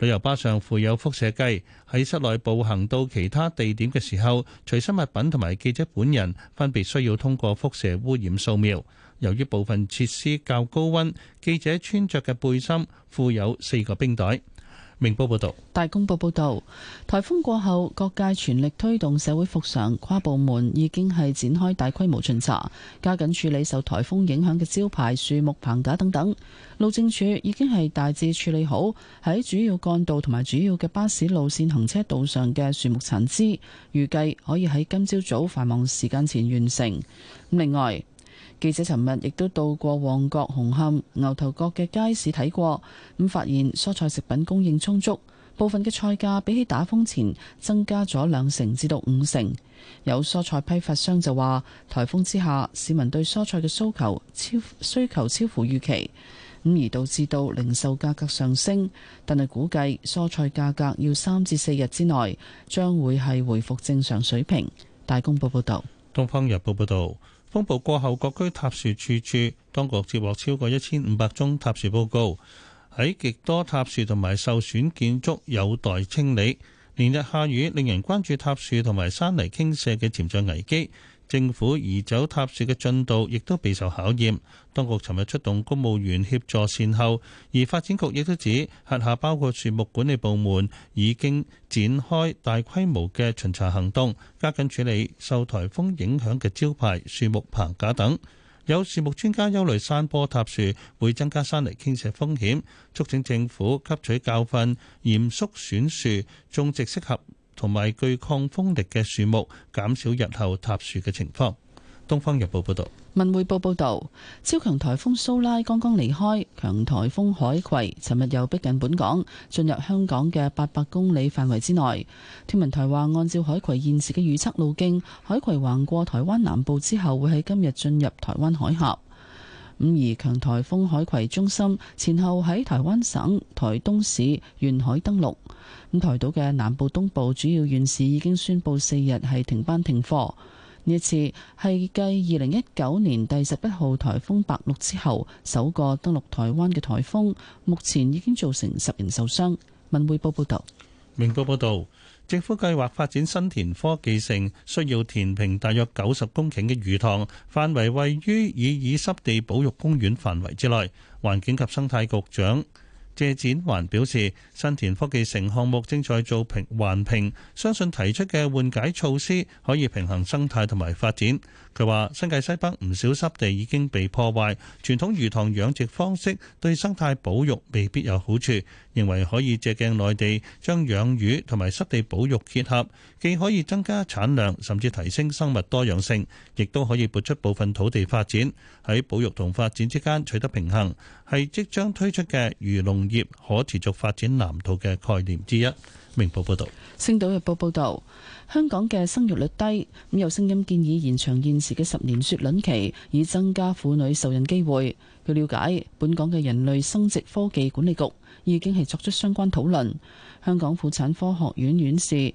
旅遊巴上附有輻射計，喺室內步行到其他地點嘅時候，隨身物品同埋記者本人分別需要通過輻射污染掃描。由於部分設施較高温，記者穿着嘅背心附有四個冰袋。明報報道，大公報報道，颱風過後，各界全力推動社會復常，跨部門已經係展開大規模巡查，加緊處理受颱風影響嘅招牌、樹木、棚架等等。路政署已經係大致處理好喺主要幹道同埋主要嘅巴士路線行車道上嘅樹木殘枝，預計可以喺今朝早，早繁忙時間前完成。另外，記者尋日亦都到過旺角、紅磡、牛頭角嘅街市睇過，咁發現蔬菜食品供應充足，部分嘅菜價比起打風前增加咗兩成至到五成。有蔬菜批發商就話：颱風之下，市民對蔬菜嘅需求超需求超乎預期，咁而導致到零售價格上升。但係估計蔬菜價格要三至四日之內將會係回復正常水平。大公報報道。《東方日報》報導。風暴過後，各區塌樹處處，當局接獲超過一千五百宗塌樹報告，喺極多塌樹同埋受損建築有待清理。連日下雨，令人關注塌樹同埋山泥傾瀉嘅潛在危機。政府移走塌樹嘅進度亦都備受考驗，當局尋日出動公務員協助善後，而發展局亦都指，轄下包括樹木管理部門已經展開大規模嘅巡查行動，加緊處理受台風影響嘅招牌、樹木棚架等。有樹木專家憂慮山坡塌樹會增加山泥傾瀉風險，促請政府吸取教訓嚴肅選樹種植適合同埋具抗風力嘅樹木，減少日後塌樹嘅情況。《東方日報》報道，《文匯報》報道，超強颱風蘇拉剛剛離開，強颱風海葵尋日又逼近本港，進入香港嘅八百公里範圍之內。天文台話，按照海葵現時嘅預測路徑，海葵橫過台灣南部之後，會喺今日進入台灣海峽。咁而強颱風海葵中心前後喺台灣省台東市沿海登陸。咁台島嘅南部東部主要縣市已經宣布四日係停班停課。呢一次係繼二零一九年第十一號颱風白鹿之後，首個登陸台灣嘅颱風，目前已經造成十人受傷。文匯報報道，明報報道，政府計劃發展新田科技城，需要填平大約九十公頃嘅魚塘，範圍位於以以濕地保育公園範圍之內。環境及生態局長。謝展寰表示，新田科技城項目正在做平環評，相信提出嘅緩解措施可以平衡生態同埋發展。就話：新界西北唔少濕地已經被破壞，傳統魚塘養殖方式對生態保育未必有好處。認為可以借鏡內地，將養魚同埋濕地保育結合，既可以增加產量，甚至提升生物多樣性，亦都可以撥出部分土地發展，喺保育同發展之間取得平衡，係即將推出嘅漁農業可持續發展藍圖嘅概念之一。明報報道，《星島日報》報道，香港嘅生育率低，咁有聲音建議延長現時嘅十年雪卵期，以增加婦女受孕機會。據了解，本港嘅人類生殖科技管理局已經係作出相關討論。香港婦產科學院院士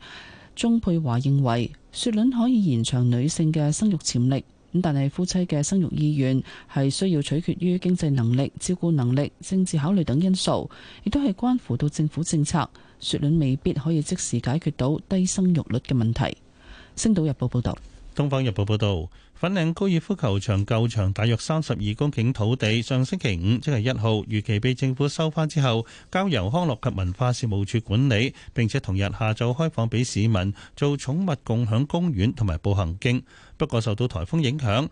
鍾佩華認為，雪卵可以延長女性嘅生育潛力，咁但係夫妻嘅生育意願係需要取決於經濟能力、照顧能力、政治考慮等因素，亦都係關乎到政府政策。雪卵未必可以即時解決到低生育率嘅問題。星島日報報道。東方日報報道，粉嶺高爾夫球場舊場大約三十二公頃土地，上星期五即係一號，預期被政府收翻之後，交由康樂及文化事務處管理，並且同日下晝開放俾市民做寵物共享公園同埋步行徑。不過受到颱風影響，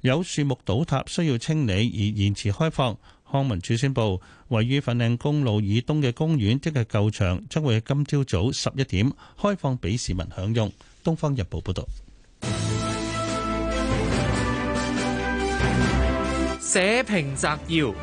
有樹木倒塌，需要清理，而延遲開放。康文署宣布，位於粉嶺公路以東嘅公園即係舊場，將會喺今朝早十一點開放俾市民享用。東方日報報導。社評摘要。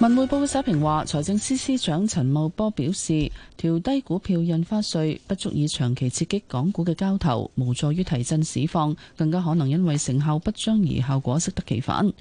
文匯報嘅社評話，財政司司長陳茂波表示，調低股票印花稅不足以長期刺激港股嘅交投，無助於提振市況，更加可能因為成效不彰而效果適得其反。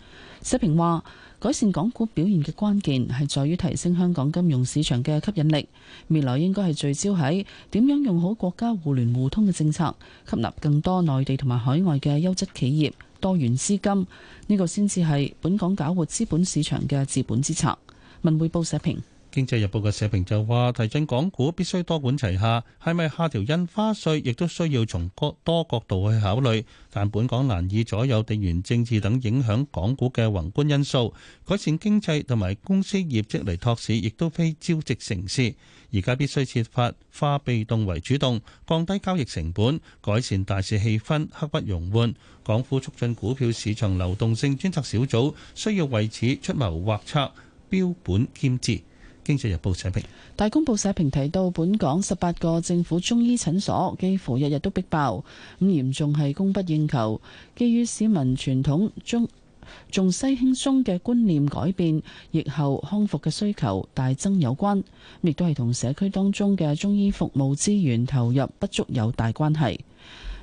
社評話，改善港股表現嘅關鍵係在於提升香港金融市場嘅吸引力，未來應該係聚焦喺點樣用好國家互聯互通嘅政策，吸納更多內地同埋海外嘅優質企業。多元資金，呢、這個先至係本港搞活資本市場嘅治本之策。文匯報社評。《經濟日報》嘅社評就話：提振港股必須多管齊下，係咪下調印花稅，亦都需要從各多角度去考慮。但本港難以左右地緣政治等影響港股嘅宏觀因素，改善經濟同埋公司業績嚟托市，亦都非朝夕成事。而家必須設法化被動為主動，降低交易成本，改善大市氣氛，刻不容緩。港府促進股票市場流動性專責小組需要為此出謀劃策，標本兼治。經濟日報社評。大公報社評提到，本港十八個政府中醫診所幾乎日日都逼爆，咁嚴重係供不應求。基於市民傳統中仲西輕鬆嘅觀念改變，疫後康復嘅需求大增有關，亦都係同社區當中嘅中醫服務資源投入不足有大關係。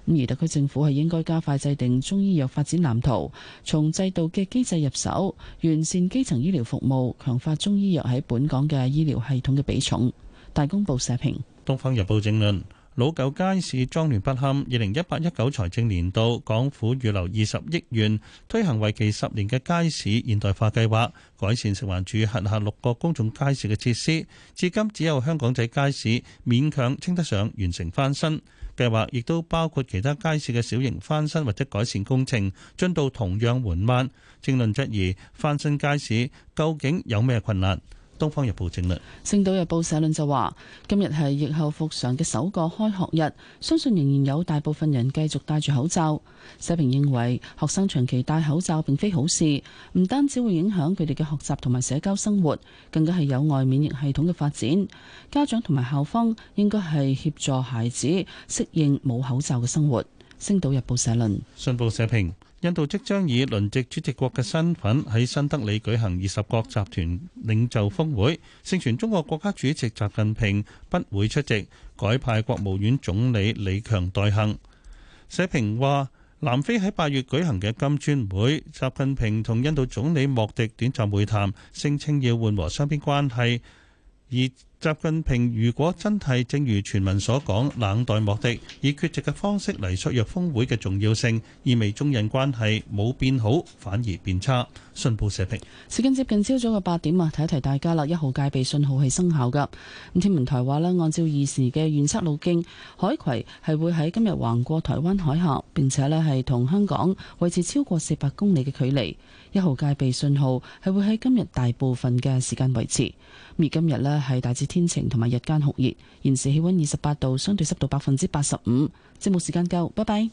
而特區政府係應該加快制定中醫藥發展藍圖，從制度嘅機制入手，完善基層醫療服務，強化中醫藥喺本港嘅醫療系統嘅比重。大公報社評，《東方日報》正論。老舊街市髒亂不堪，二零一八一九財政年度，港府預留二十億元推行為期十年嘅街市現代化計劃，改善食環署轄下六個公眾街市嘅設施。至今只有香港仔街市勉強稱得上完成翻新，計劃亦都包括其他街市嘅小型翻新或者改善工程，進度同樣緩慢。正論質疑翻新街市究竟有咩困難？東方日報評論，星島日報社論就話：今日係疫後復常嘅首個開學日，相信仍然有大部分人繼續戴住口罩。社評認為，學生長期戴口罩並非好事，唔單止會影響佢哋嘅學習同埋社交生活，更加係有礙免疫系統嘅發展。家長同埋校方應該係協助孩子適應冇口罩嘅生活。星島日報社論，印度即將以輪值主席國嘅身份喺新德里舉行二十國集團領袖峰會，盛傳中國國家主席習近平不會出席，改派國務院總理李強代行。社評話，南非喺八月舉行嘅金磚會，習近平同印度總理莫迪短暫會談，聲稱要緩和雙邊關係。而習近平如果真係正如傳聞所講冷待莫迪，以缺席嘅方式嚟削弱峰會嘅重要性，意味中印關係冇變好，反而變差。信報社評。時間接近朝早嘅八點啊，提一提大家啦，一號戒備信號係生效㗎。咁天文台話呢，按照現時嘅預測路徑，海葵係會喺今日橫過台灣海峽，並且呢係同香港位置超過四百公里嘅距離。一號戒備信號係會喺今日大部分嘅時間維持。而今日呢係大致天晴同埋日間酷熱，現時氣温二十八度，相對濕度百分之八十五。節目時間夠，拜拜。